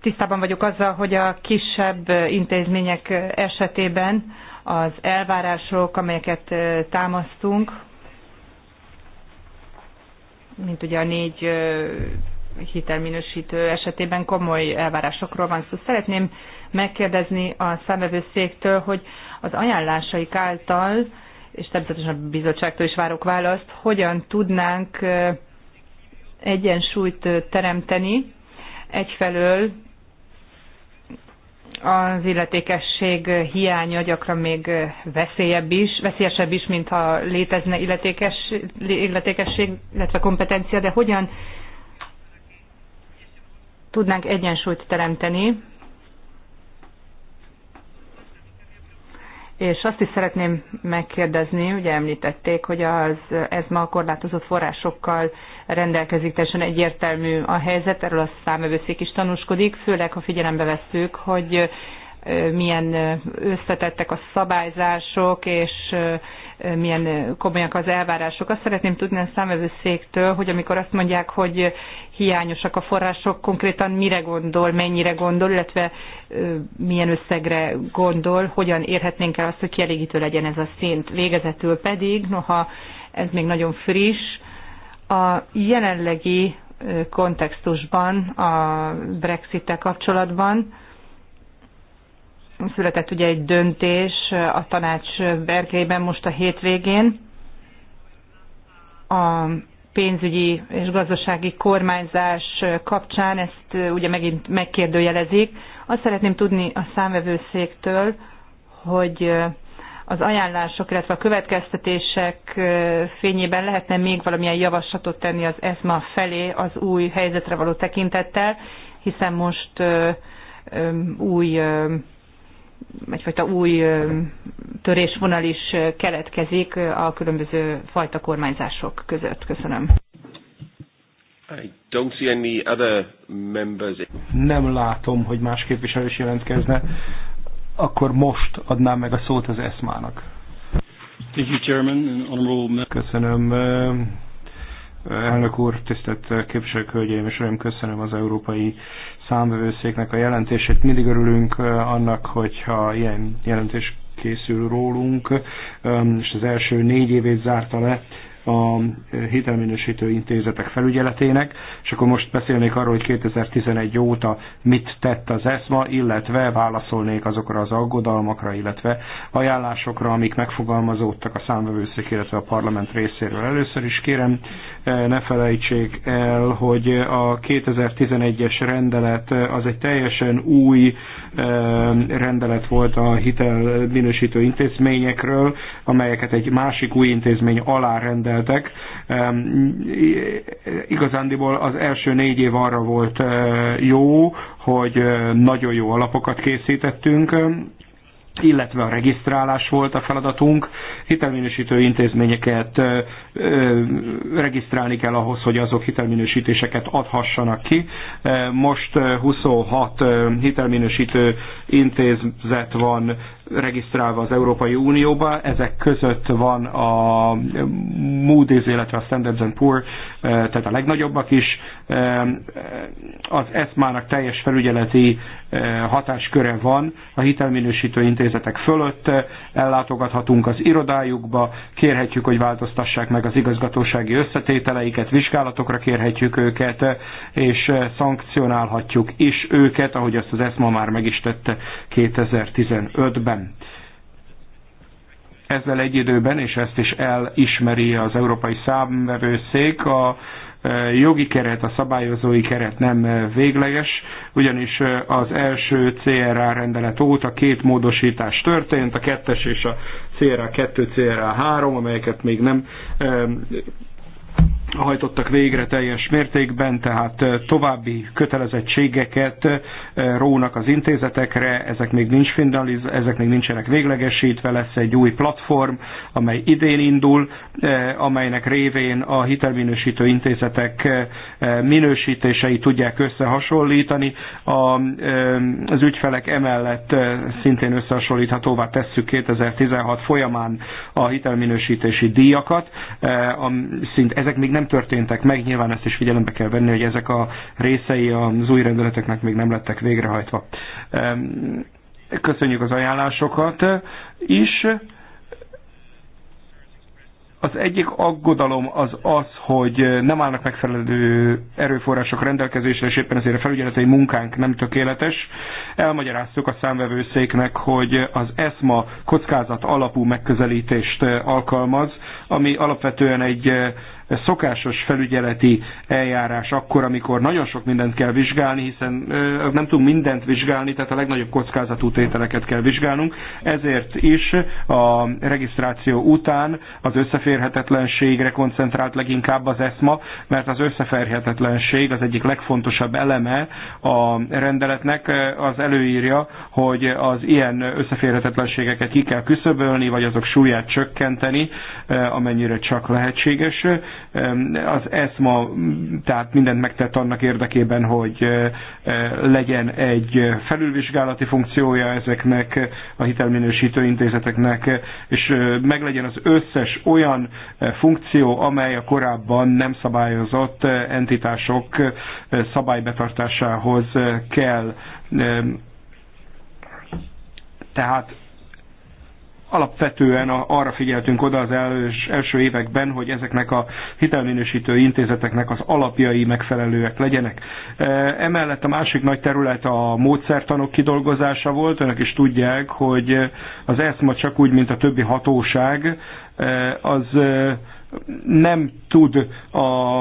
tisztában vagyok azzal, hogy a kisebb intézmények esetében az elvárások, amelyeket támasztunk, mint ugye a négy hitelminősítő esetében komoly elvárásokról van szó. Szóval szeretném megkérdezni a számvevőszéktől, hogy az ajánlásaik által és természetesen a bizottságtól is várok választ, hogyan tudnánk egyensúlyt teremteni egyfelől az illetékesség hiánya gyakran még veszélyebb is, veszélyesebb is, mintha létezne illetékes, illetékesség, illetve kompetencia, de hogyan tudnánk egyensúlyt teremteni És azt is szeretném megkérdezni, ugye említették, hogy az, ez ma a korlátozott forrásokkal rendelkezik, teljesen egyértelmű a helyzet, erről a számövőszék is tanúskodik, főleg ha figyelembe vesszük, hogy milyen összetettek a szabályzások, és milyen komolyak az elvárások. Azt szeretném tudni a számvevőszéktől, hogy amikor azt mondják, hogy hiányosak a források, konkrétan mire gondol, mennyire gondol, illetve milyen összegre gondol, hogyan érhetnénk el azt, hogy kielégítő legyen ez a szint. Végezetül pedig, noha ez még nagyon friss, a jelenlegi kontextusban, a Brexit-tel kapcsolatban, született ugye egy döntés a tanács berkeiben most a hétvégén. A pénzügyi és gazdasági kormányzás kapcsán ezt ugye megint megkérdőjelezik. Azt szeretném tudni a számvevőszéktől, hogy az ajánlások, illetve a következtetések fényében lehetne még valamilyen javaslatot tenni az ESMA felé az új helyzetre való tekintettel, hiszen most új egyfajta új törésvonal is keletkezik a különböző fajta kormányzások között. Köszönöm. I don't see any other members. Nem látom, hogy más képviselő is jelentkezne. Akkor most adnám meg a szót az ESMA-nak. Thank you, Chairman, and honorable... Köszönöm, Elnök úr, tisztelt képviselők, hölgyeim és uraim, köszönöm az Európai Számbevőszéknek a jelentését. Mindig örülünk annak, hogyha ilyen jelentés készül rólunk, és az első négy évét zárta le a hitelminősítő intézetek felügyeletének, és akkor most beszélnék arról, hogy 2011 óta mit tett az ESMA, illetve válaszolnék azokra az aggodalmakra, illetve ajánlásokra, amik megfogalmazódtak a számvevőszék, illetve a parlament részéről. Először is kérem, eh, ne felejtsék el, hogy a 2011-es rendelet eh, az egy teljesen új eh, rendelet volt a hitelminősítő intézményekről, amelyeket egy másik új intézmény alárendel követeltek. Igazándiból az első négy év arra volt eh, jó, hogy eh, nagyon jó alapokat készítettünk, illetve a regisztrálás volt a feladatunk. Hitelminősítő intézményeket eh, regisztrálni kell ahhoz, hogy azok hitelminősítéseket adhassanak ki. Most 26 hitelminősítő intézet van regisztrálva az Európai Unióba. Ezek között van a Moody's, illetve a Standards Poor, eh, tehát a legnagyobbak is. Eh, az ESMA-nak teljes felügyeleti eh, hatásköre van a hitelminősítő intézetek fölött, ellátogathatunk az irodájukba, kérhetjük, hogy változtassák meg az igazgatósági összetételeiket, vizsgálatokra kérhetjük őket, és szankcionálhatjuk is őket, ahogy azt az ESMA már meg is tette 2015-ben. Ezzel egy időben, és ezt is elismeri az Európai Számvevőszék, a e, jogi keret, a szabályozói keret nem e, végleges, ugyanis e, az első CRA rendelet óta két módosítás történt, a kettes és a CRA 2, CRA 3, amelyeket még nem hajtottak végre teljes mértékben, tehát további kötelezettségeket rónak az intézetekre, ezek még, nincs finaliz, ezek még nincsenek véglegesítve, lesz egy új platform, amely idén indul, amelynek révén a hitelminősítő intézetek minősítései tudják összehasonlítani. Az ügyfelek emellett szintén összehasonlíthatóvá tesszük 2016 folyamán a hitelminősítési díjakat, szint ezek még nem történtek meg, nyilván ezt is figyelembe kell venni, hogy ezek a részei az új rendeleteknek még nem lettek végrehajtva. Köszönjük az ajánlásokat is. Az egyik aggodalom az az, hogy nem állnak megfelelő erőforrások rendelkezésre, és éppen ezért a felügyeleti munkánk nem tökéletes. Elmagyaráztuk a számvevőszéknek, hogy az ESMA kockázat alapú megközelítést alkalmaz, ami alapvetően egy ez szokásos felügyeleti eljárás akkor, amikor nagyon sok mindent kell vizsgálni, hiszen nem tudunk mindent vizsgálni, tehát a legnagyobb kockázatú tételeket kell vizsgálnunk. Ezért is a regisztráció után az összeférhetetlenségre koncentrált leginkább az ESMA, mert az összeférhetetlenség az egyik legfontosabb eleme a rendeletnek. Az előírja, hogy az ilyen összeférhetetlenségeket ki kell küszöbölni, vagy azok súlyát csökkenteni, amennyire csak lehetséges. Az ESMA tehát mindent megtett annak érdekében, hogy eh, eh, legyen egy felülvizsgálati funkciója ezeknek a hitelminősítő intézeteknek, és eh, meglegyen az összes olyan funkció, amely a korábban nem szabályozott entitások szabálybetartásához kell. Tehát alapvetően arra figyeltünk oda az első években, hogy ezeknek a hitelminősítő intézeteknek az alapjai megfelelőek legyenek. E, emellett a másik nagy terület a módszertanok kidolgozása volt. Önök is tudják, hogy az ESMA csak úgy, mint a többi hatóság, e, az e, nem tud a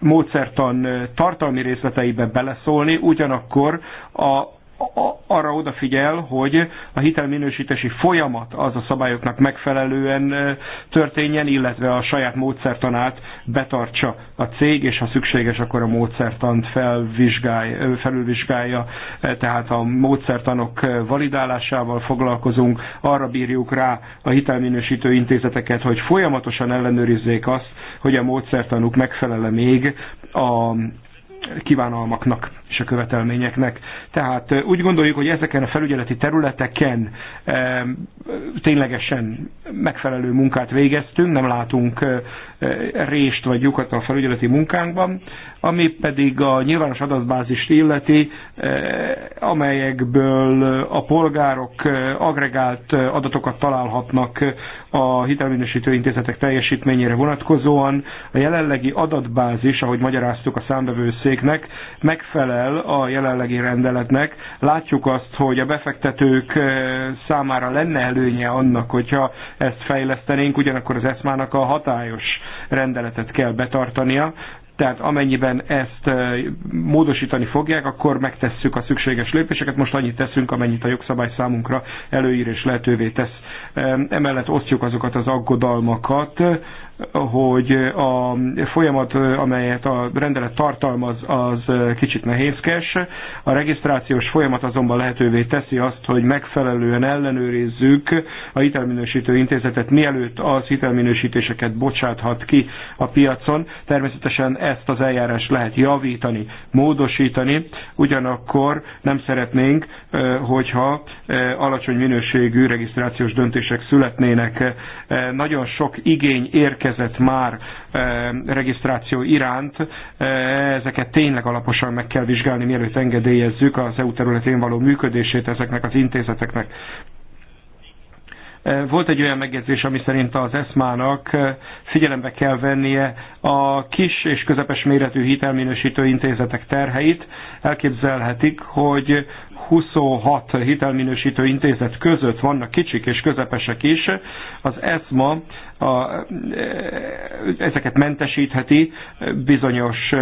módszertan tartalmi részleteibe beleszólni, ugyanakkor a arra odafigyel, hogy a hitelminősítési folyamat az a szabályoknak megfelelően történjen, illetve a saját módszertanát betartsa a cég, és ha szükséges, akkor a módszertant felülvizsgálja. Tehát a módszertanok validálásával foglalkozunk, arra bírjuk rá a hitelminősítő intézeteket, hogy folyamatosan ellenőrizzék azt, hogy a módszertanuk megfelele még a kívánalmaknak és a követelményeknek. Tehát úgy gondoljuk, hogy ezeken a felügyeleti területeken e, ténylegesen megfelelő munkát végeztünk, nem látunk e, rést vagy lyukat a felügyeleti munkánkban, ami pedig a nyilvános adatbázist illeti, e, amelyekből a polgárok agregált adatokat találhatnak a hitelminősítő intézetek teljesítményére vonatkozóan. A jelenlegi adatbázis, ahogy magyaráztuk a számbevőszéknek, megfelel megfelel a jelenlegi rendeletnek. Látjuk azt, hogy a befektetők eh, számára lenne előnye annak, hogyha ezt fejlesztenénk, ugyanakkor az eszmának a hatályos rendeletet kell betartania, tehát amennyiben ezt eh, módosítani fogják, akkor megtesszük a szükséges lépéseket, most annyit teszünk, amennyit a jogszabály számunkra előír és lehetővé tesz. Emellett osztjuk azokat az aggodalmakat, hogy a folyamat, amelyet a rendelet tartalmaz, az kicsit nehézkes. A regisztrációs folyamat azonban lehetővé teszi azt, hogy megfelelően ellenőrizzük a hitelminősítő intézetet, mielőtt az hitelminősítéseket bocsáthat ki a piacon. Természetesen ezt az eljárás lehet javítani, módosítani, ugyanakkor nem szeretnénk, hogyha alacsony minőségű regisztrációs döntés döntések születnének. E, nagyon sok igény érkezett már e, regisztráció iránt, e, ezeket tényleg alaposan meg kell vizsgálni, mielőtt engedélyezzük az EU területén való működését ezeknek az intézeteknek. Volt egy olyan megjegyzés, ami szerint az ESMA-nak figyelembe kell vennie a kis és közepes méretű hitelminősítő intézetek terheit. Elképzelhetik, hogy 26 hitelminősítő intézet között vannak kicsik és közepesek is, az ESMA a, e, ezeket mentesítheti bizonyos e,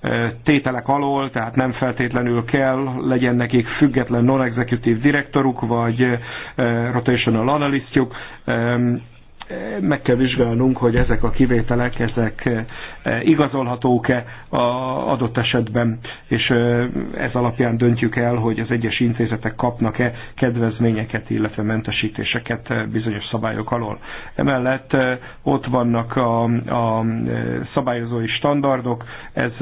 e, tételek alól, tehát nem feltétlenül kell legyen nekik független non-executive direktoruk, vagy rotational analysztjuk, meg kell vizsgálnunk, hogy ezek a kivételek, ezek eh, igazolhatók-e a adott esetben, és eh, ez alapján döntjük el, hogy az egyes intézetek kapnak-e kedvezményeket, illetve mentesítéseket eh, bizonyos szabályok alól. Emellett ott vannak a, a szabályozói standardok, ez,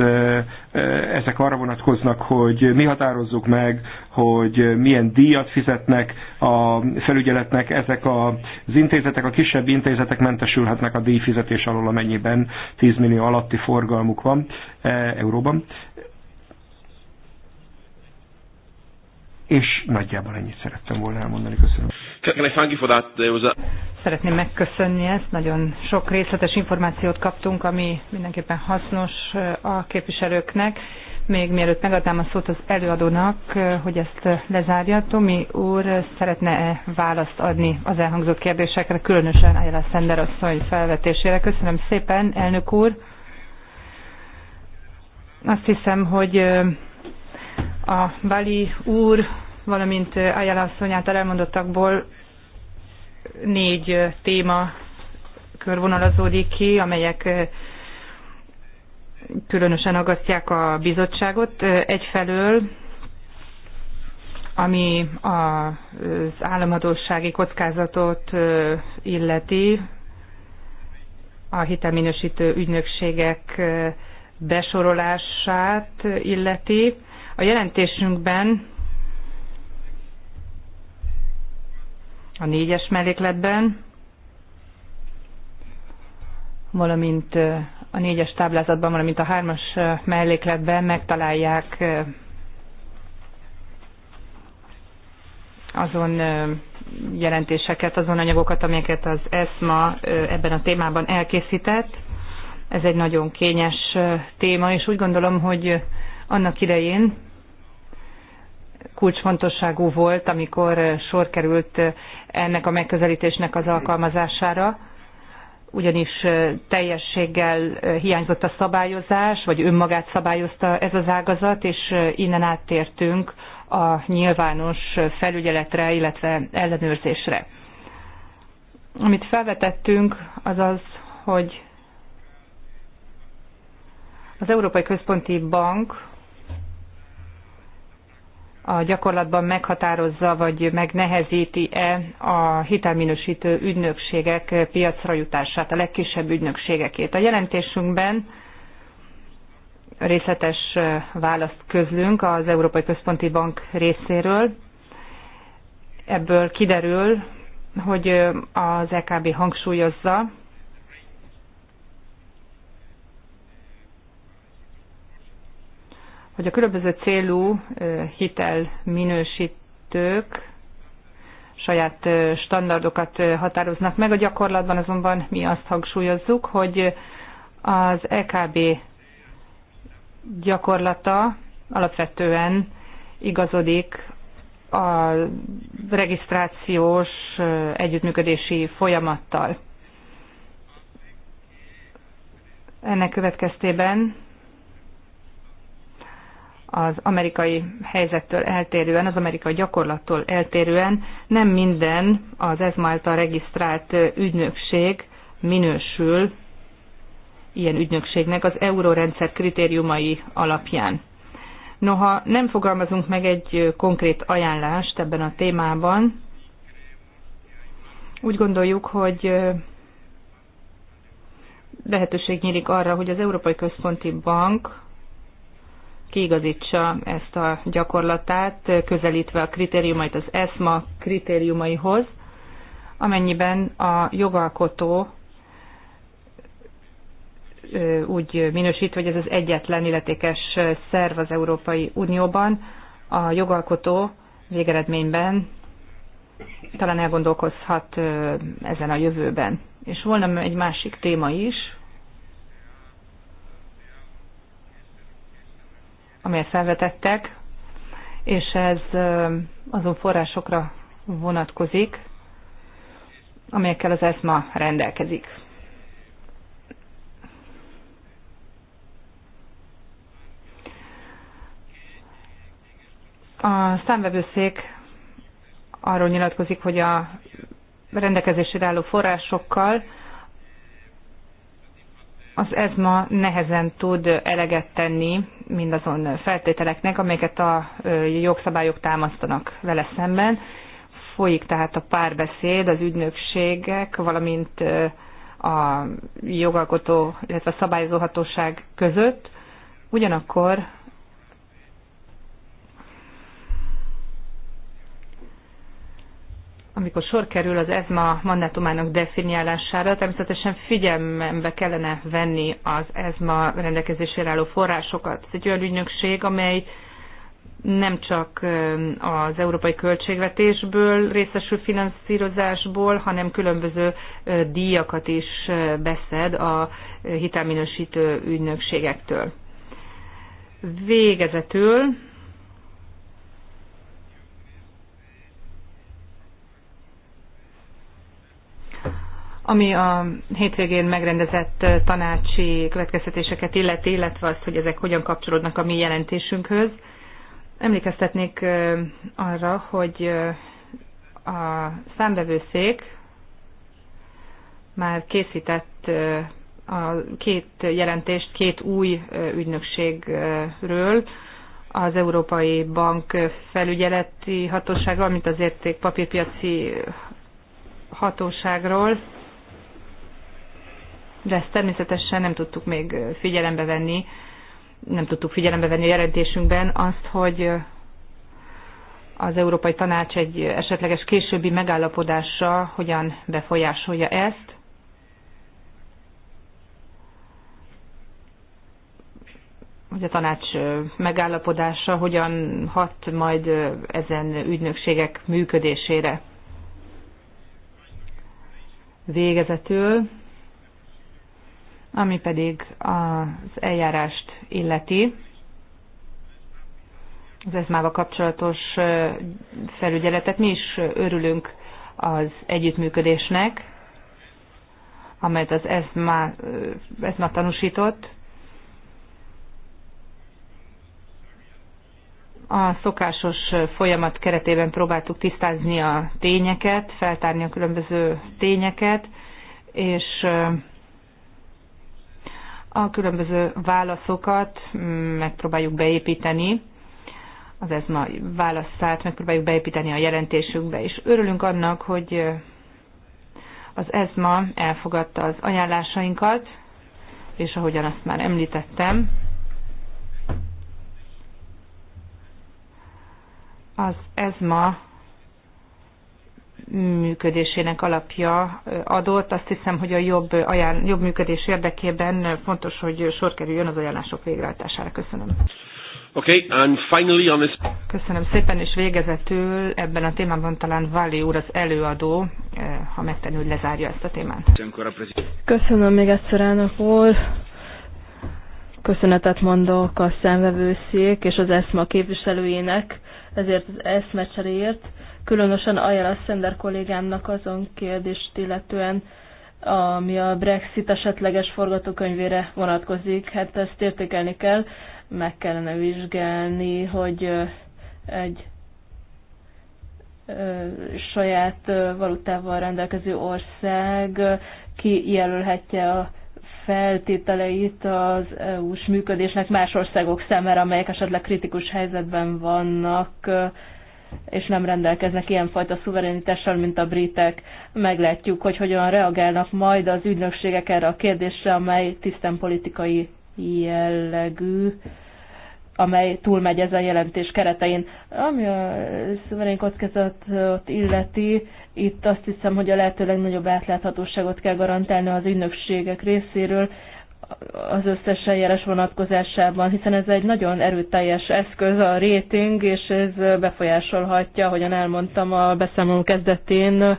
ezek arra vonatkoznak, hogy mi határozzuk meg, hogy milyen díjat fizetnek a felügyeletnek ezek az intézetek, a kisebb intézetek mentesülhetnek a díjfizetés alól, amennyiben 10 millió alatti forgalmuk van e, euróban. És nagyjából ennyit szerettem volna elmondani. Köszönöm. Szeretném megköszönni ezt. Nagyon sok részletes információt kaptunk, ami mindenképpen hasznos e, a képviselőknek még mielőtt megadnám a szót az előadónak, hogy ezt lezárja, Tomi úr szeretne -e választ adni az elhangzott kérdésekre, különösen Ayala Szender asszony felvetésére. Köszönöm szépen, elnök úr. Azt hiszem, hogy a Bali úr, valamint Ayala asszony által elmondottakból négy téma körvonalazódik ki, amelyek különösen agasztják a bizottságot. Egyfelől ami az államadósági kockázatot illeti, a hitelminősítő ügynökségek besorolását illeti. A jelentésünkben, a négyes mellékletben, valamint a négyes táblázatban, valamint a hármas mellékletben megtalálják azon jelentéseket, azon anyagokat, amelyeket az ESMA ebben a témában elkészített. Ez egy nagyon kényes téma, és úgy gondolom, hogy annak idején kulcsfontosságú volt, amikor sor került ennek a megközelítésnek az alkalmazására, ugyanis teljességgel hiányzott a szabályozás, vagy önmagát szabályozta ez az ágazat, és innen áttértünk a nyilvános felügyeletre, illetve ellenőrzésre. Amit felvetettünk, az az, hogy az Európai Központi Bank a gyakorlatban meghatározza vagy megnehezíti-e a hitelminősítő ügynökségek piacra jutását, a legkisebb ügynökségekét. A jelentésünkben részletes választ közlünk az Európai Központi Bank részéről. Ebből kiderül, hogy az EKB hangsúlyozza, hogy a különböző célú hitel minősítők saját standardokat határoznak meg. A gyakorlatban azonban mi azt hangsúlyozzuk, hogy az EKB gyakorlata alapvetően igazodik a regisztrációs együttműködési folyamattal. Ennek következtében az amerikai helyzettől eltérően, az amerikai gyakorlattól eltérően nem minden az ESMA által regisztrált ügynökség minősül ilyen ügynökségnek az eurórendszer kritériumai alapján. Noha nem fogalmazunk meg egy konkrét ajánlást ebben a témában, úgy gondoljuk, hogy lehetőség nyílik arra, hogy az Európai Központi Bank kiigazítsa ezt a gyakorlatát, közelítve a kritériumait az ESMA kritériumaihoz, amennyiben a jogalkotó úgy minősít, hogy ez az egyetlen illetékes szerv az Európai Unióban, a jogalkotó végeredményben talán elgondolkozhat ezen a jövőben. És volna egy másik téma is, amelyet felvetettek, és ez azon forrásokra vonatkozik, amelyekkel az ESMA rendelkezik. A számvevőszék arról nyilatkozik, hogy a rendelkezésre álló forrásokkal az ESMA nehezen tud eleget tenni mindazon feltételeknek, amelyeket a jogszabályok támasztanak vele szemben. Folyik tehát a párbeszéd az ügynökségek, valamint a jogalkotó, illetve a szabályozóhatóság között. Ugyanakkor amikor sor kerül az ESMA mandátumának definiálására, természetesen figyelmembe kellene venni az ESMA rendelkezésére álló forrásokat. Ez egy olyan ügynökség, amely nem csak az európai költségvetésből részesül finanszírozásból, hanem különböző díjakat is beszed a hitelminősítő ügynökségektől. Végezetül Ami a hétvégén megrendezett tanácsi következtetéseket illeti, illetve azt, hogy ezek hogyan kapcsolódnak a mi jelentésünkhöz, emlékeztetnék arra, hogy a számvevőszék már készített a két jelentést két új ügynökségről, az Európai Bank felügyeleti hatóságról, mint az értékpapírpiaci hatóságról, de ezt természetesen nem tudtuk még figyelembe venni, nem tudtuk figyelembe venni a jelentésünkben azt, hogy az Európai Tanács egy esetleges későbbi megállapodása hogyan befolyásolja ezt. hogy a tanács megállapodása hogyan hat majd ezen ügynökségek működésére. Végezetül ami pedig az eljárást illeti, az ezmával kapcsolatos felügyeletet. Mi is örülünk az együttműködésnek, amelyet az ESMA, ESMA tanúsított. A szokásos folyamat keretében próbáltuk tisztázni a tényeket, feltárni a különböző tényeket, és a különböző válaszokat megpróbáljuk beépíteni, az ez ma válaszát megpróbáljuk beépíteni a jelentésünkbe, és örülünk annak, hogy az ESMA elfogadta az ajánlásainkat, és ahogyan azt már említettem, az ESMA működésének alapja adott. Azt hiszem, hogy a jobb, ajánl- jobb működés érdekében fontos, hogy sor kerüljön az ajánlások végrehajtására. Köszönöm. Okay, and finally on this... Köszönöm szépen, és végezetül ebben a témában talán Vali úr az előadó, ha megtenni, hogy lezárja ezt a témát. Köszönöm még egyszer, elnök úr. Köszönetet mondok a szemvevőszék és az ESMA képviselőjének ezért az eszmecseréért különösen Ayala Szender kollégámnak azon kérdést illetően, ami a Brexit esetleges forgatókönyvére vonatkozik. Hát ezt értékelni kell, meg kellene vizsgálni, hogy egy saját valutával rendelkező ország kijelölhetje a feltételeit az EU-s működésnek más országok számára, amelyek esetleg kritikus helyzetben vannak és nem rendelkeznek ilyenfajta szuverenitással, mint a britek. Meglátjuk, hogy hogyan reagálnak majd az ügynökségek erre a kérdésre, amely tisztán politikai jellegű, amely túlmegy ezen jelentés keretein. Ami a szuverén kockázatot illeti, itt azt hiszem, hogy a lehető legnagyobb átláthatóságot kell garantálni az ügynökségek részéről, az összes eljárás vonatkozásában, hiszen ez egy nagyon erőteljes eszköz a réting, és ez befolyásolhatja, ahogyan elmondtam a beszámoló kezdetén,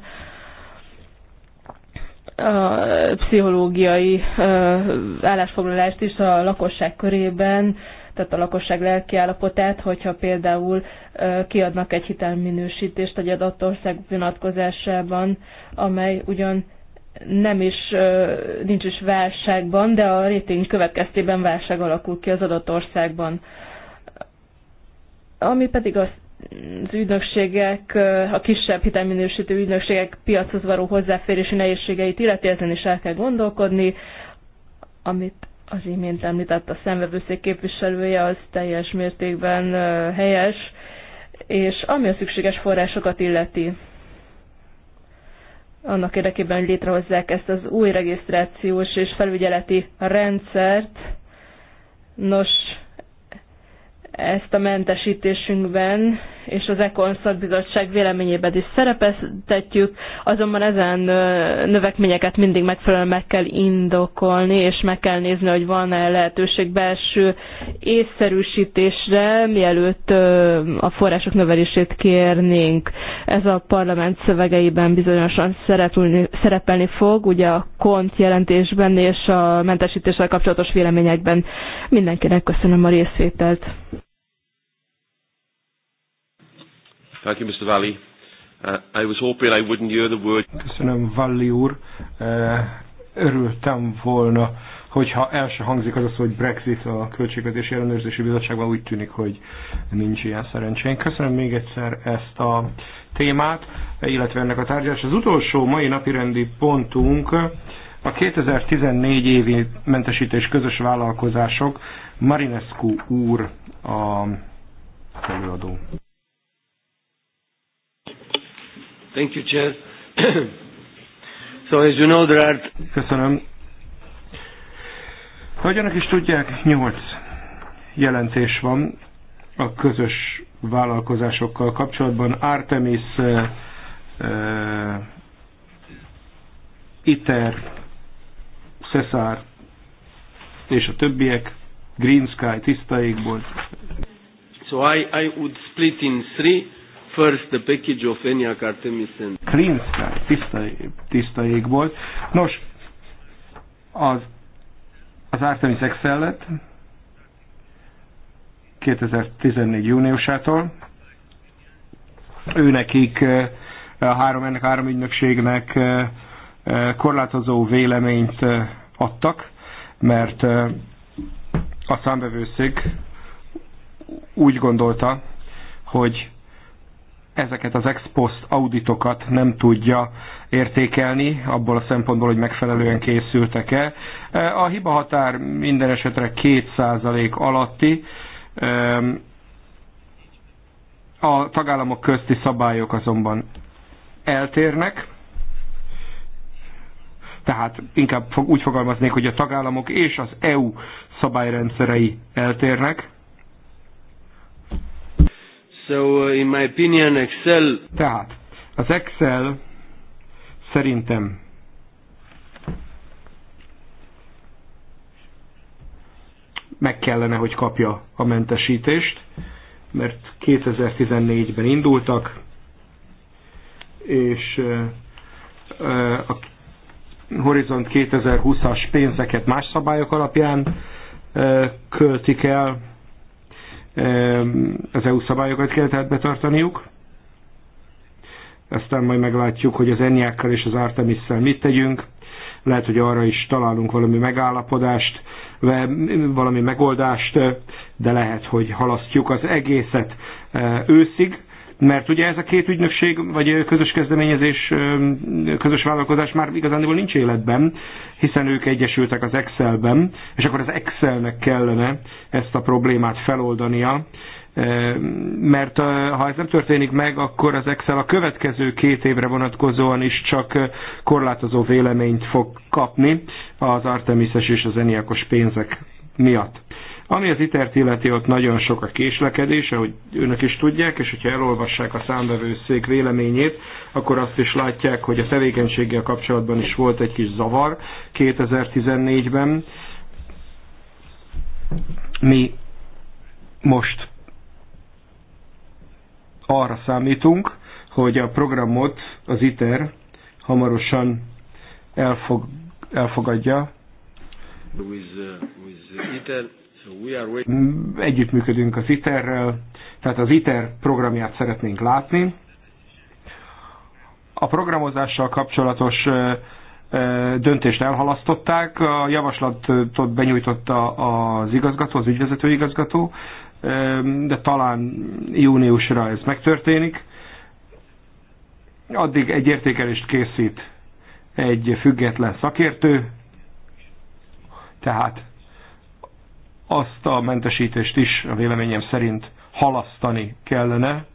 a pszichológiai állásfoglalást is a lakosság körében, tehát a lakosság lelkiállapotát, hogyha például kiadnak egy hitelminősítést egy adott ország vonatkozásában, amely ugyan nem is, nincs is válságban, de a rating következtében válság alakul ki az adott országban. Ami pedig az az ügynökségek, a kisebb hitelminősítő ügynökségek piachoz való hozzáférési nehézségeit illeti, ezen is el kell gondolkodni, amit az imént említett a szemvevőszék képviselője, az teljes mértékben helyes, és ami a szükséges forrásokat illeti annak érdekében, hogy létrehozzák ezt az új regisztrációs és felügyeleti rendszert. Nos, ezt a mentesítésünkben és az Ekon szakbizottság véleményében is szerepeztetjük, azonban ezen növekményeket mindig megfelelően meg kell indokolni, és meg kell nézni, hogy van-e lehetőség belső észszerűsítésre, mielőtt a források növelését kérnénk. Ez a parlament szövegeiben bizonyosan szerepelni, szerepelni fog, ugye a kont jelentésben és a mentesítéssel kapcsolatos véleményekben. Mindenkinek köszönöm a részvételt. Thank you, Mr. Valley. Uh, I was hoping I wouldn't hear the word. Köszönöm, Valli úr. Uh, örültem volna, hogyha el se hangzik az az, hogy Brexit a Költségvetési Ellenőrzési Bizottságban úgy tűnik, hogy nincs ilyen szerencsénk. Köszönöm még egyszer ezt a témát, illetve ennek a tárgyalás. Az utolsó mai napi rendi pontunk a 2014 évi mentesítés közös vállalkozások. Marinescu úr a előadó. Thank you, Chair. so, as you know, there are... Köszönöm. Hogy önök is tudják, nyolc jelentés van a közös vállalkozásokkal kapcsolatban. Artemis, uh, uh, ITER, Cesar és a többiek, Green Sky, tiszta égbolt. So I, I would split in three First, the package of any Artemis and... Clean Sky, tiszta, tiszta ég volt. Nos, az, az Artemis excel 2014 júniusától. ő nekik eh, a három, ennek három ügynökségnek eh, eh, korlátozó véleményt adtak, mert a számbevőszék úgy gondolta, hogy ezeket az ex post auditokat nem tudja értékelni, abból a szempontból, hogy megfelelően készültek-e. A hiba határ minden esetre 2% alatti. A tagállamok közti szabályok azonban eltérnek, tehát inkább úgy fogalmaznék, hogy a tagállamok és az EU szabályrendszerei eltérnek. So, uh, in my opinion, Excel... Tehát, az Excel szerintem meg kellene, hogy kapja a mentesítést, mert 2014-ben indultak, és uh, uh, a Horizont 2020-as pénzeket más szabályok alapján költik el, az EU szabályokat kell tehát betartaniuk. Aztán majd meglátjuk, hogy az Enyákkal és az Artemisszel mit tegyünk. Lehet, hogy arra is találunk valami megállapodást, valami megoldást, de lehet, hogy halasztjuk az egészet eh, őszig, mert ugye ez a két ügynökség, vagy közös kezdeményezés, közös vállalkozás már igazándiból nincs életben, hiszen ők egyesültek az Excelben, és akkor az Excelnek kellene ezt a problémát feloldania, mert ha ez nem történik meg, akkor az Excel a következő két évre vonatkozóan is csak korlátozó véleményt fog kapni az Artemis-es és az Eniakos pénzek miatt. Ami az iter illeti, ott nagyon sok a késlekedés, ahogy önök is tudják, és hogyha elolvassák a számbevőszék véleményét, akkor azt is látják, hogy a tevékenységgel kapcsolatban is volt egy kis zavar 2014-ben. Mi most arra számítunk, hogy a programot az ITER hamarosan elfog, elfogadja. With, uh, with ITER Mm, együttműködünk az ITER-rel, tehát az ITER programját szeretnénk látni. A programozással kapcsolatos döntést elhalasztották, a javaslatot benyújtotta az igazgató, az ügyvezető igazgató, de talán júniusra ez megtörténik. Addig egy értékelést készít egy független szakértő, tehát azt a mentesítést is a véleményem szerint halasztani kellene.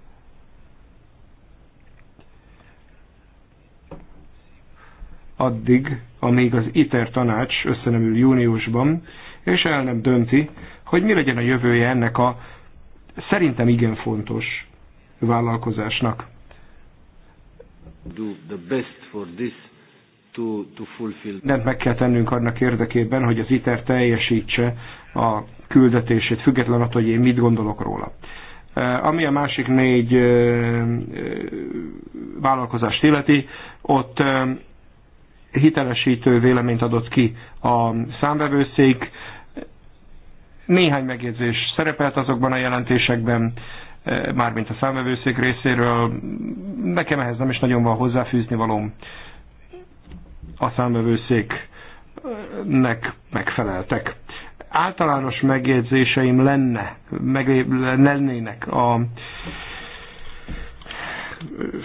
Addig, amíg az ITER tanács összenemül júniusban, és el nem dönti, hogy mi legyen a jövője ennek a szerintem igen fontos vállalkozásnak. Do the best for this nem Mindent meg kell tennünk annak érdekében, hogy az ITER teljesítse a küldetését, független attól, hogy én mit gondolok róla. Eh, ami a másik négy eh, eh, vállalkozást illeti, ott hitelesítő véleményt adott ki a számvevőszék. Néhány megjegyzés szerepelt azokban a jelentésekben, mármint a számvevőszék részéről. Nekem ehhez nem is nagyon van hozzáfűzni valóm a számövőszéknek megfeleltek. Általános megjegyzéseim lenne, meg, lennének a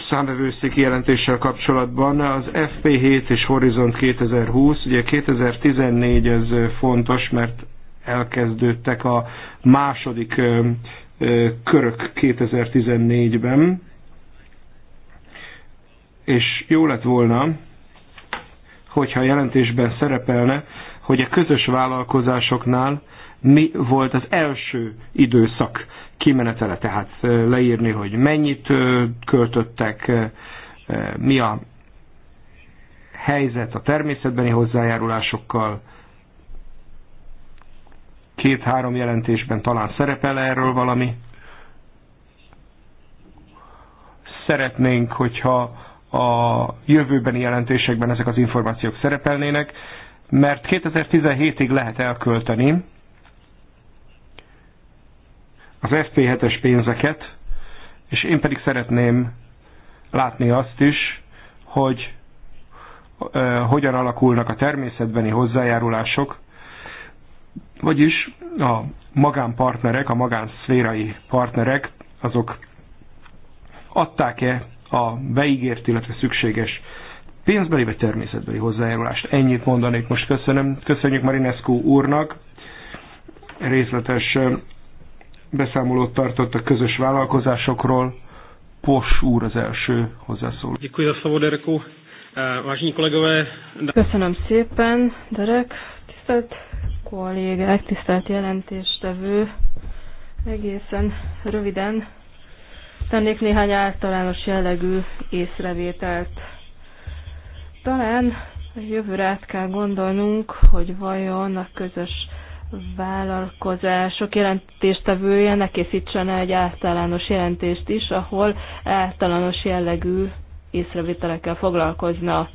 számbevőszéki jelentéssel kapcsolatban az FP7 és Horizont 2020, ugye 2014 ez fontos, mert elkezdődtek a második körök 2014-ben, és jó lett volna, hogyha a jelentésben szerepelne, hogy a közös vállalkozásoknál mi volt az első időszak kimenetele, tehát leírni, hogy mennyit költöttek, mi a helyzet a természetbeni hozzájárulásokkal, két-három jelentésben talán szerepel erről valami. Szeretnénk, hogyha a jövőbeni jelentésekben ezek az információk szerepelnének, mert 2017-ig lehet elkölteni az FP7-es pénzeket, és én pedig szeretném látni azt is, hogy hogyan alakulnak a természetbeni hozzájárulások, vagyis a magánpartnerek, a magánszférai partnerek, azok adták-e a beígért, illetve szükséges pénzbeli vagy természetbeli hozzájárulást. Ennyit mondanék most. Köszönöm. Köszönjük Marinescu úrnak. Részletes beszámolót tartott a közös vállalkozásokról. Pos úr az első hozzászóló. Eh, Köszönöm szépen, Derek. Tisztelt kollégák, tisztelt jelentéstevő. Egészen röviden tennék néhány általános jellegű észrevételt. Talán a jövőre át kell gondolnunk, hogy vajon a közös vállalkozások jelentéstevője ne készítsen egy általános jelentést is, ahol általános jellegű észrevételekkel foglalkozna.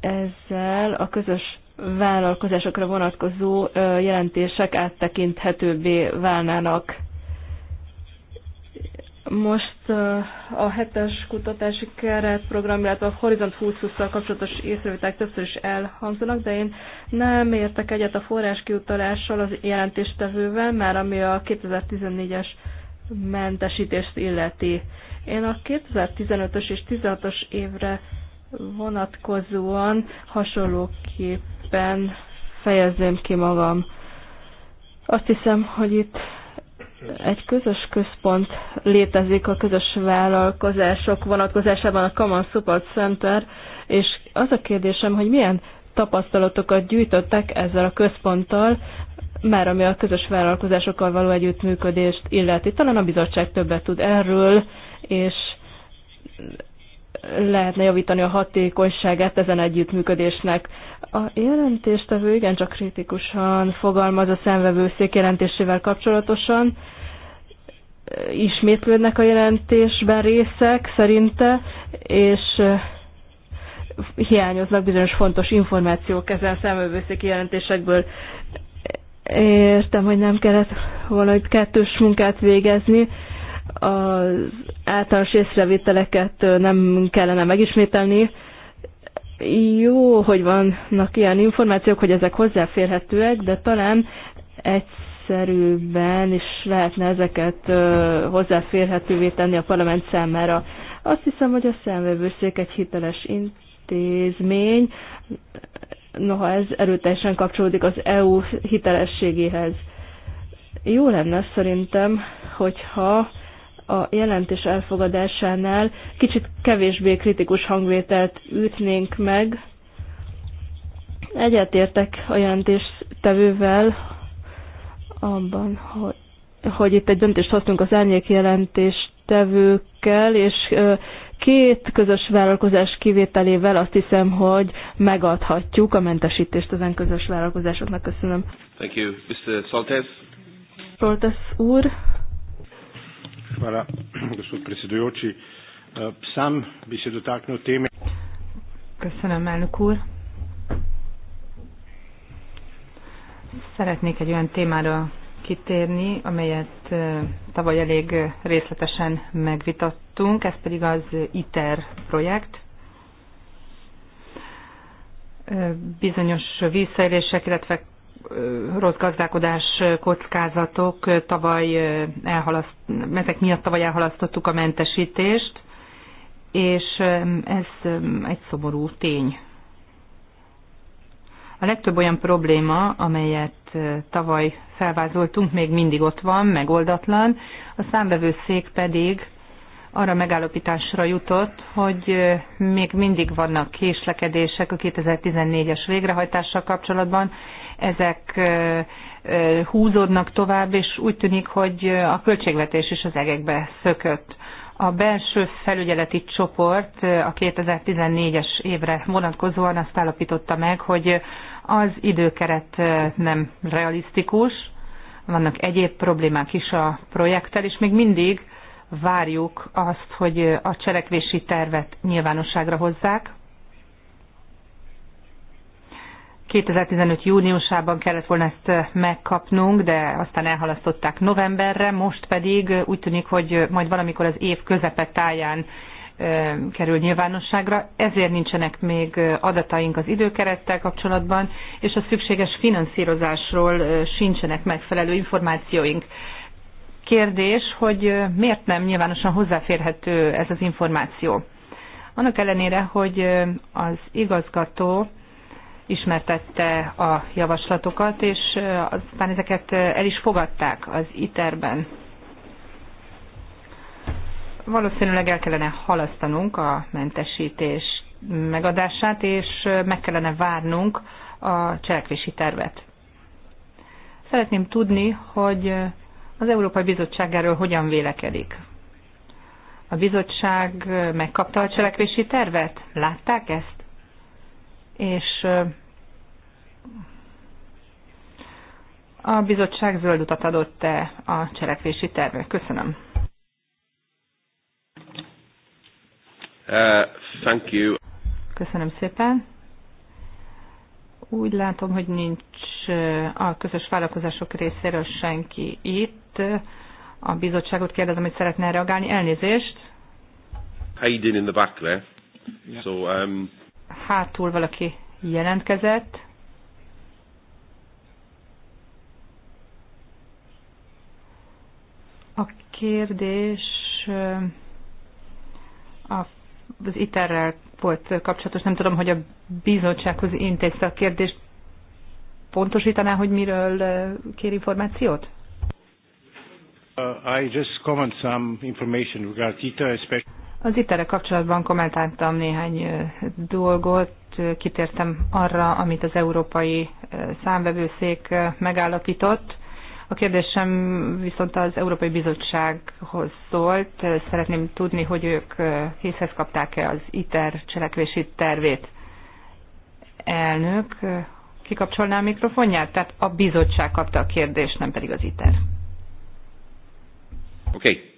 Ezzel a közös vállalkozásokra vonatkozó jelentések áttekinthetőbbé válnának. Most a hetes kutatási keretprogram, illetve a Horizont 2020-szal kapcsolatos észrevételek többször is elhangzanak, de én nem értek egyet a forrás kiutalással az jelentéstevővel, már ami a 2014-es mentesítést illeti. Én a 2015-ös és 16-os évre vonatkozóan hasonlóképpen fejezném ki magam. Azt hiszem, hogy itt egy közös központ létezik a közös vállalkozások vonatkozásában, a Common Support Center, és az a kérdésem, hogy milyen tapasztalatokat gyűjtöttek ezzel a központtal, már ami a közös vállalkozásokkal való együttműködést illeti. Talán a bizottság többet tud erről, és lehetne javítani a hatékonyságát ezen együttműködésnek. A jelentéstevő igencsak kritikusan fogalmaz a szenvevőszék jelentésével kapcsolatosan, ismétlődnek a jelentésben részek szerinte, és hiányoznak bizonyos fontos információk ezen számövőszéki jelentésekből. Értem, hogy nem kellett volna egy kettős munkát végezni, az általános észrevételeket nem kellene megismételni. Jó, hogy vannak ilyen információk, hogy ezek hozzáférhetőek, de talán egy szerűben is lehetne ezeket hozzáférhetővé tenni a parlament számára. Azt hiszem, hogy a számvevőszék egy hiteles intézmény, noha ez erőteljesen kapcsolódik az EU hitelességéhez. Jó lenne szerintem, hogyha a jelentés elfogadásánál kicsit kevésbé kritikus hangvételt ütnénk meg. Egyetértek a jelentéstevővel abban, hogy, hogy itt egy döntést hoztunk az árnyék jelentéstevőkkel, és két közös vállalkozás kivételével azt hiszem, hogy megadhatjuk a mentesítést ezen közös vállalkozásoknak. Köszönöm. Thank you. Mr. Soltes. Soltes úr. Hvala, gospod predsedujoči. Sam bi se dotaknil teme. Köszönöm, elnök úr. Szeretnék egy olyan témára kitérni, amelyet tavaly elég részletesen megvitattunk, ez pedig az ITER projekt. Bizonyos vízszerések, illetve rossz gazdálkodás kockázatok, tavaly elhalaszt, ezek miatt tavaly elhalasztottuk a mentesítést, és ez egy szomorú tény. A legtöbb olyan probléma, amelyet tavaly felvázoltunk, még mindig ott van, megoldatlan. A számbevőszék pedig arra megállapításra jutott, hogy még mindig vannak késlekedések a 2014-es végrehajtással kapcsolatban. Ezek húzódnak tovább, és úgy tűnik, hogy a költségvetés is az egekbe szökött. A belső felügyeleti csoport a 2014-es évre vonatkozóan azt állapította meg, hogy az időkeret nem realisztikus, vannak egyéb problémák is a projekttel, és még mindig várjuk azt, hogy a cselekvési tervet nyilvánosságra hozzák, 2015 júniusában kellett volna ezt eh, megkapnunk, de aztán elhalasztották novemberre, most pedig úgy tűnik, hogy majd valamikor az év közepe táján eh, kerül nyilvánosságra, ezért nincsenek még eh, adataink az időkerettel kapcsolatban, és a szükséges finanszírozásról sincsenek megfelelő információink. Kérdés, hogy miért nem nyilvánosan hozzáférhető ez az információ? Annak ellenére, hogy az igazgató ismertette a javaslatokat, és eh, aztán ezeket eh, el is fogadták az ITER-ben. Valószínűleg el kellene halasztanunk a mentesítés megadását, és eh, meg kellene várnunk a cselekvési tervet. Szeretném tudni, hogy az Európai Bizottság erről hogyan vélekedik. A bizottság megkapta a cselekvési tervet? Látták ezt? és a bizottság zöld utat adott-e a cselekvési tervnek. Köszönöm. Uh, thank you. Köszönöm szépen. Úgy látom, hogy nincs a közös vállalkozások részéről senki itt. A bizottságot kérdezem, hogy szeretne reagálni. Elnézést. Hayden in the back there. Yeah. So, um, hátul valaki jelentkezett. A kérdés az iterrel volt kapcsolatos. Nem tudom, hogy a bizottsághoz intézte a kérdést. Pontosítaná, hogy miről kér információt? Uh, I just comment some information regarding ITER, especially az iterre kapcsolatban kommentáltam néhány dolgot, kitértem arra, amit az Európai Számvevőszék megállapított. A kérdésem viszont az Európai Bizottsághoz szólt. Szeretném tudni, hogy ők készhez kapták-e az ITER cselekvési tervét. Elnök, kikapcsolná a mikrofonját? Tehát a bizottság kapta a kérdést, nem pedig az ITER. Oké. Okay.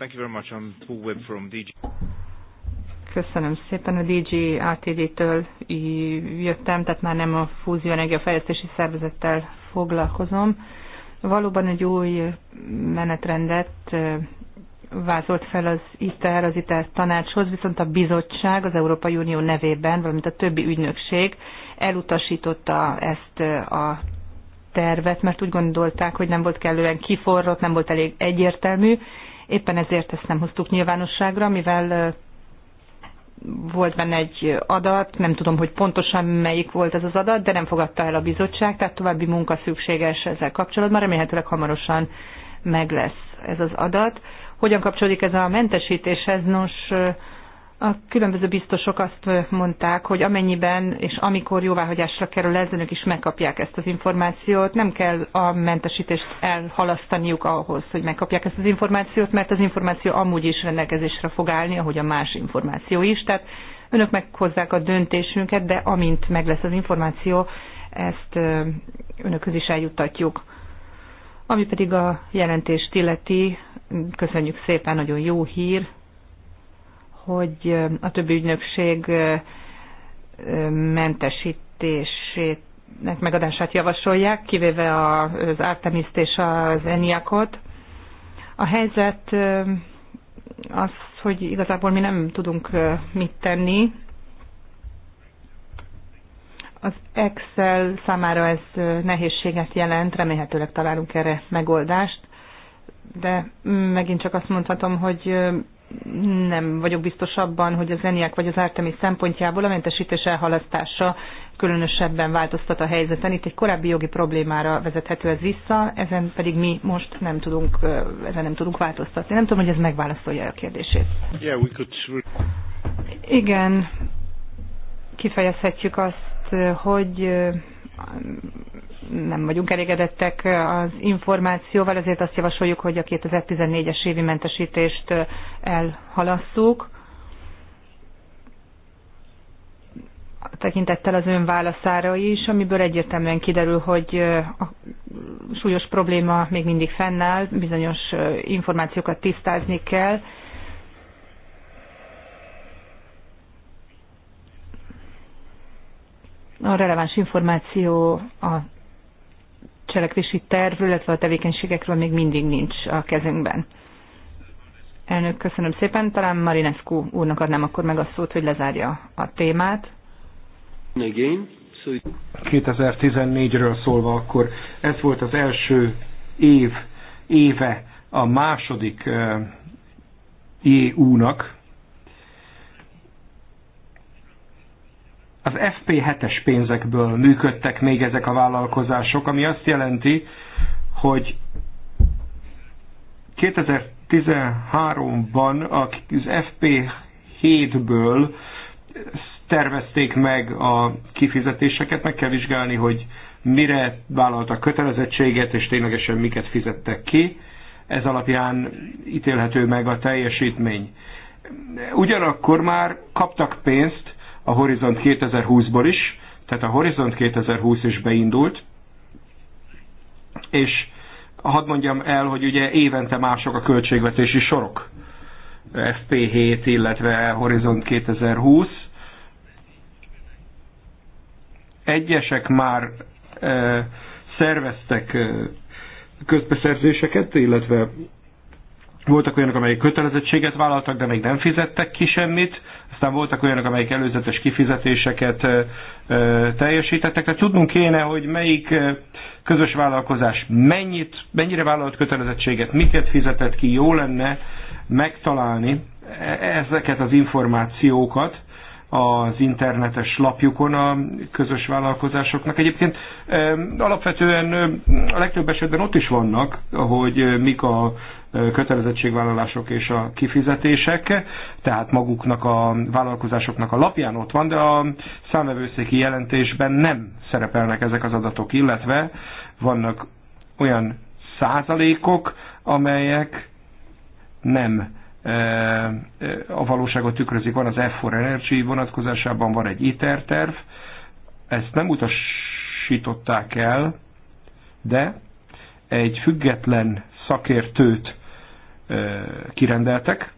Thank you very much. I'm Paul Webb from DG. Köszönöm szépen. A DG ATD-től jöttem, tehát már nem a Fúzió Energia Fejlesztési Szervezettel foglalkozom. Valóban egy új menetrendet eh, vázolt fel az ITER, az ITER tanácshoz, viszont a bizottság az Európai Unió nevében, valamint a többi ügynökség elutasította ezt eh, a tervet, mert úgy gondolták, hogy nem volt kellően kiforrott, nem volt elég egyértelmű, Éppen ezért ezt nem hoztuk nyilvánosságra, mivel volt benne egy adat, nem tudom, hogy pontosan melyik volt ez az adat, de nem fogadta el a bizottság, tehát további munka szükséges ezzel kapcsolatban, remélhetőleg hamarosan meg lesz ez az adat. Hogyan kapcsolódik ez a mentesítéshez? Nos, a különböző biztosok azt mondták, hogy amennyiben és amikor jóváhagyásra kerül ez, önök is megkapják ezt az információt. Nem kell a mentesítést elhalasztaniuk ahhoz, hogy megkapják ezt az információt, mert az információ amúgy is rendelkezésre fog állni, ahogy a más információ is. Tehát önök meghozzák a döntésünket, de amint meg lesz az információ, ezt önökhöz is eljuttatjuk. Ami pedig a jelentést illeti, köszönjük szépen, nagyon jó hír, hogy a többi ügynökség mentesítésének megadását javasolják, kivéve az Artemis-t és az Eniakot. A helyzet az, hogy igazából mi nem tudunk mit tenni. Az Excel számára ez nehézséget jelent, remélhetőleg találunk erre megoldást, de megint csak azt mondhatom, hogy nem vagyok biztos abban, hogy az zeniek vagy az Artemis szempontjából a mentesítés elhalasztása különösebben változtat a helyzeten. Itt egy korábbi jogi problémára vezethető ez vissza, ezen pedig mi most nem tudunk, ezen nem tudunk változtatni. Nem tudom, hogy ez megválaszolja a kérdését. Yeah, we could... Igen, kifejezhetjük azt, hogy nem vagyunk elégedettek az információval, ezért azt javasoljuk, hogy a 2014-es évi mentesítést elhalasszuk. tekintettel az ön válaszára is, amiből egyértelműen kiderül, hogy a súlyos probléma még mindig fennáll, bizonyos információkat tisztázni kell. A releváns információ a cselekvési terv, illetve a tevékenységekről még mindig nincs a kezünkben. Elnök, köszönöm szépen. Talán Marinescu úrnak adnám akkor meg a szót, hogy lezárja a témát. 2014-ről szólva akkor ez volt az első év, éve a második EU-nak, eh, az FP7-es pénzekből működtek még ezek a vállalkozások, ami azt jelenti, hogy 2013-ban az FP7-ből tervezték meg a kifizetéseket, meg kell vizsgálni, hogy mire vállaltak kötelezettséget, és ténylegesen miket fizettek ki. Ez alapján ítélhető meg a teljesítmény. Ugyanakkor már kaptak pénzt, a Horizont 2020-ból is, tehát a Horizont 2020 is beindult, és hadd mondjam el, hogy ugye évente mások a költségvetési sorok. FP7, illetve Horizont 2020. Egyesek már e, szerveztek e, közbeszerzéseket, illetve voltak olyanok, amelyek kötelezettséget vállaltak, de még nem fizettek ki semmit. Aztán voltak olyanok, amelyik előzetes kifizetéseket teljesítettek, de hát tudnunk kéne, hogy melyik közös vállalkozás mennyit, mennyire vállalt kötelezettséget, miket fizetett ki, jó lenne megtalálni e-, ezeket az információkat, az internetes lapjukon a közös vállalkozásoknak. Egyébként alapvetően a legtöbb esetben ott is vannak, hogy mik a kötelezettségvállalások és a kifizetések, tehát maguknak a vállalkozásoknak a lapján ott van, de a számvevőszéki jelentésben nem szerepelnek ezek az adatok, illetve vannak olyan százalékok, amelyek nem e, e, a valóságot tükrözik. Van az F4 Energy vonatkozásában, van egy ITER terv, ezt nem utasították el, de egy független szakértőt kirendeltek.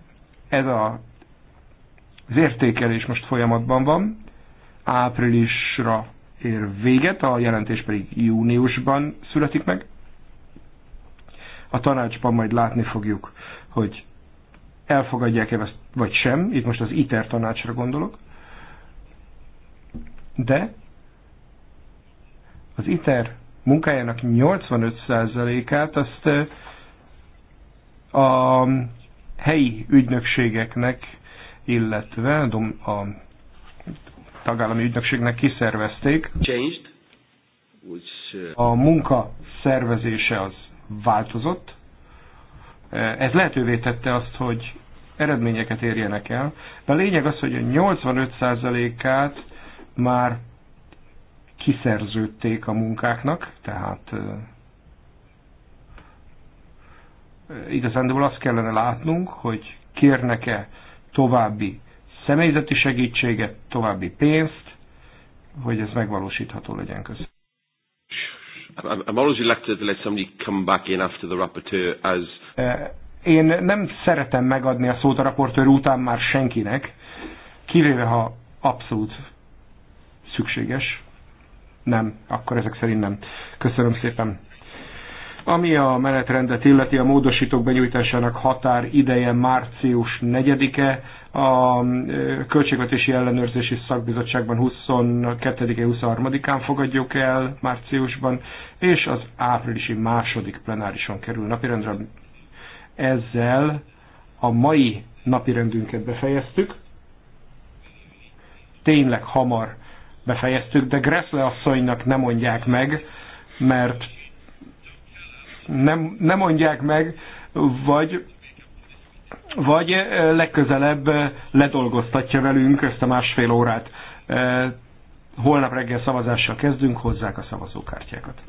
Ez a, az értékelés most folyamatban van, áprilisra ér véget, a jelentés pedig júniusban születik meg. A tanácsban majd látni fogjuk, hogy elfogadják-e ezt, vagy sem. Itt most az ITER tanácsra gondolok. De az ITER munkájának 85%-át azt a helyi ügynökségeknek, illetve a tagállami ügynökségnek kiszervezték. Changed. Uh, a munka szervezése az változott. Eh, ez lehetővé tette azt, hogy eredményeket érjenek el. De a lényeg az, hogy a 85%-át már kiszerződték a munkáknak, tehát eh, igazándiból azt kellene látnunk, hogy kérnek-e további személyzeti segítséget, további pénzt, hogy ez megvalósítható legyen. közben. I'm always reluctant to let somebody come back in after the rapporteur as... Eh, én nem szeretem megadni a szót a raportőr után már senkinek, kivéve ha abszolút szükséges. Nem, akkor ezek szerint nem. Köszönöm szépen. Ami a menetrendet illeti, a módosítók benyújtásának határ ideje március 4-e, a Költségvetési Ellenőrzési Szakbizottságban 22-23-án fogadjuk el márciusban, és az áprilisi második plenárison kerül napirendre. Ezzel a mai napirendünket befejeztük. Tényleg hamar befejeztük, de Gressle asszonynak nem mondják meg, mert nem, nem mondják meg, vagy vagy legközelebb ledolgoztatja velünk ezt a másfél órát. Holnap reggel szavazással kezdünk, hozzák a szavazókártyákat.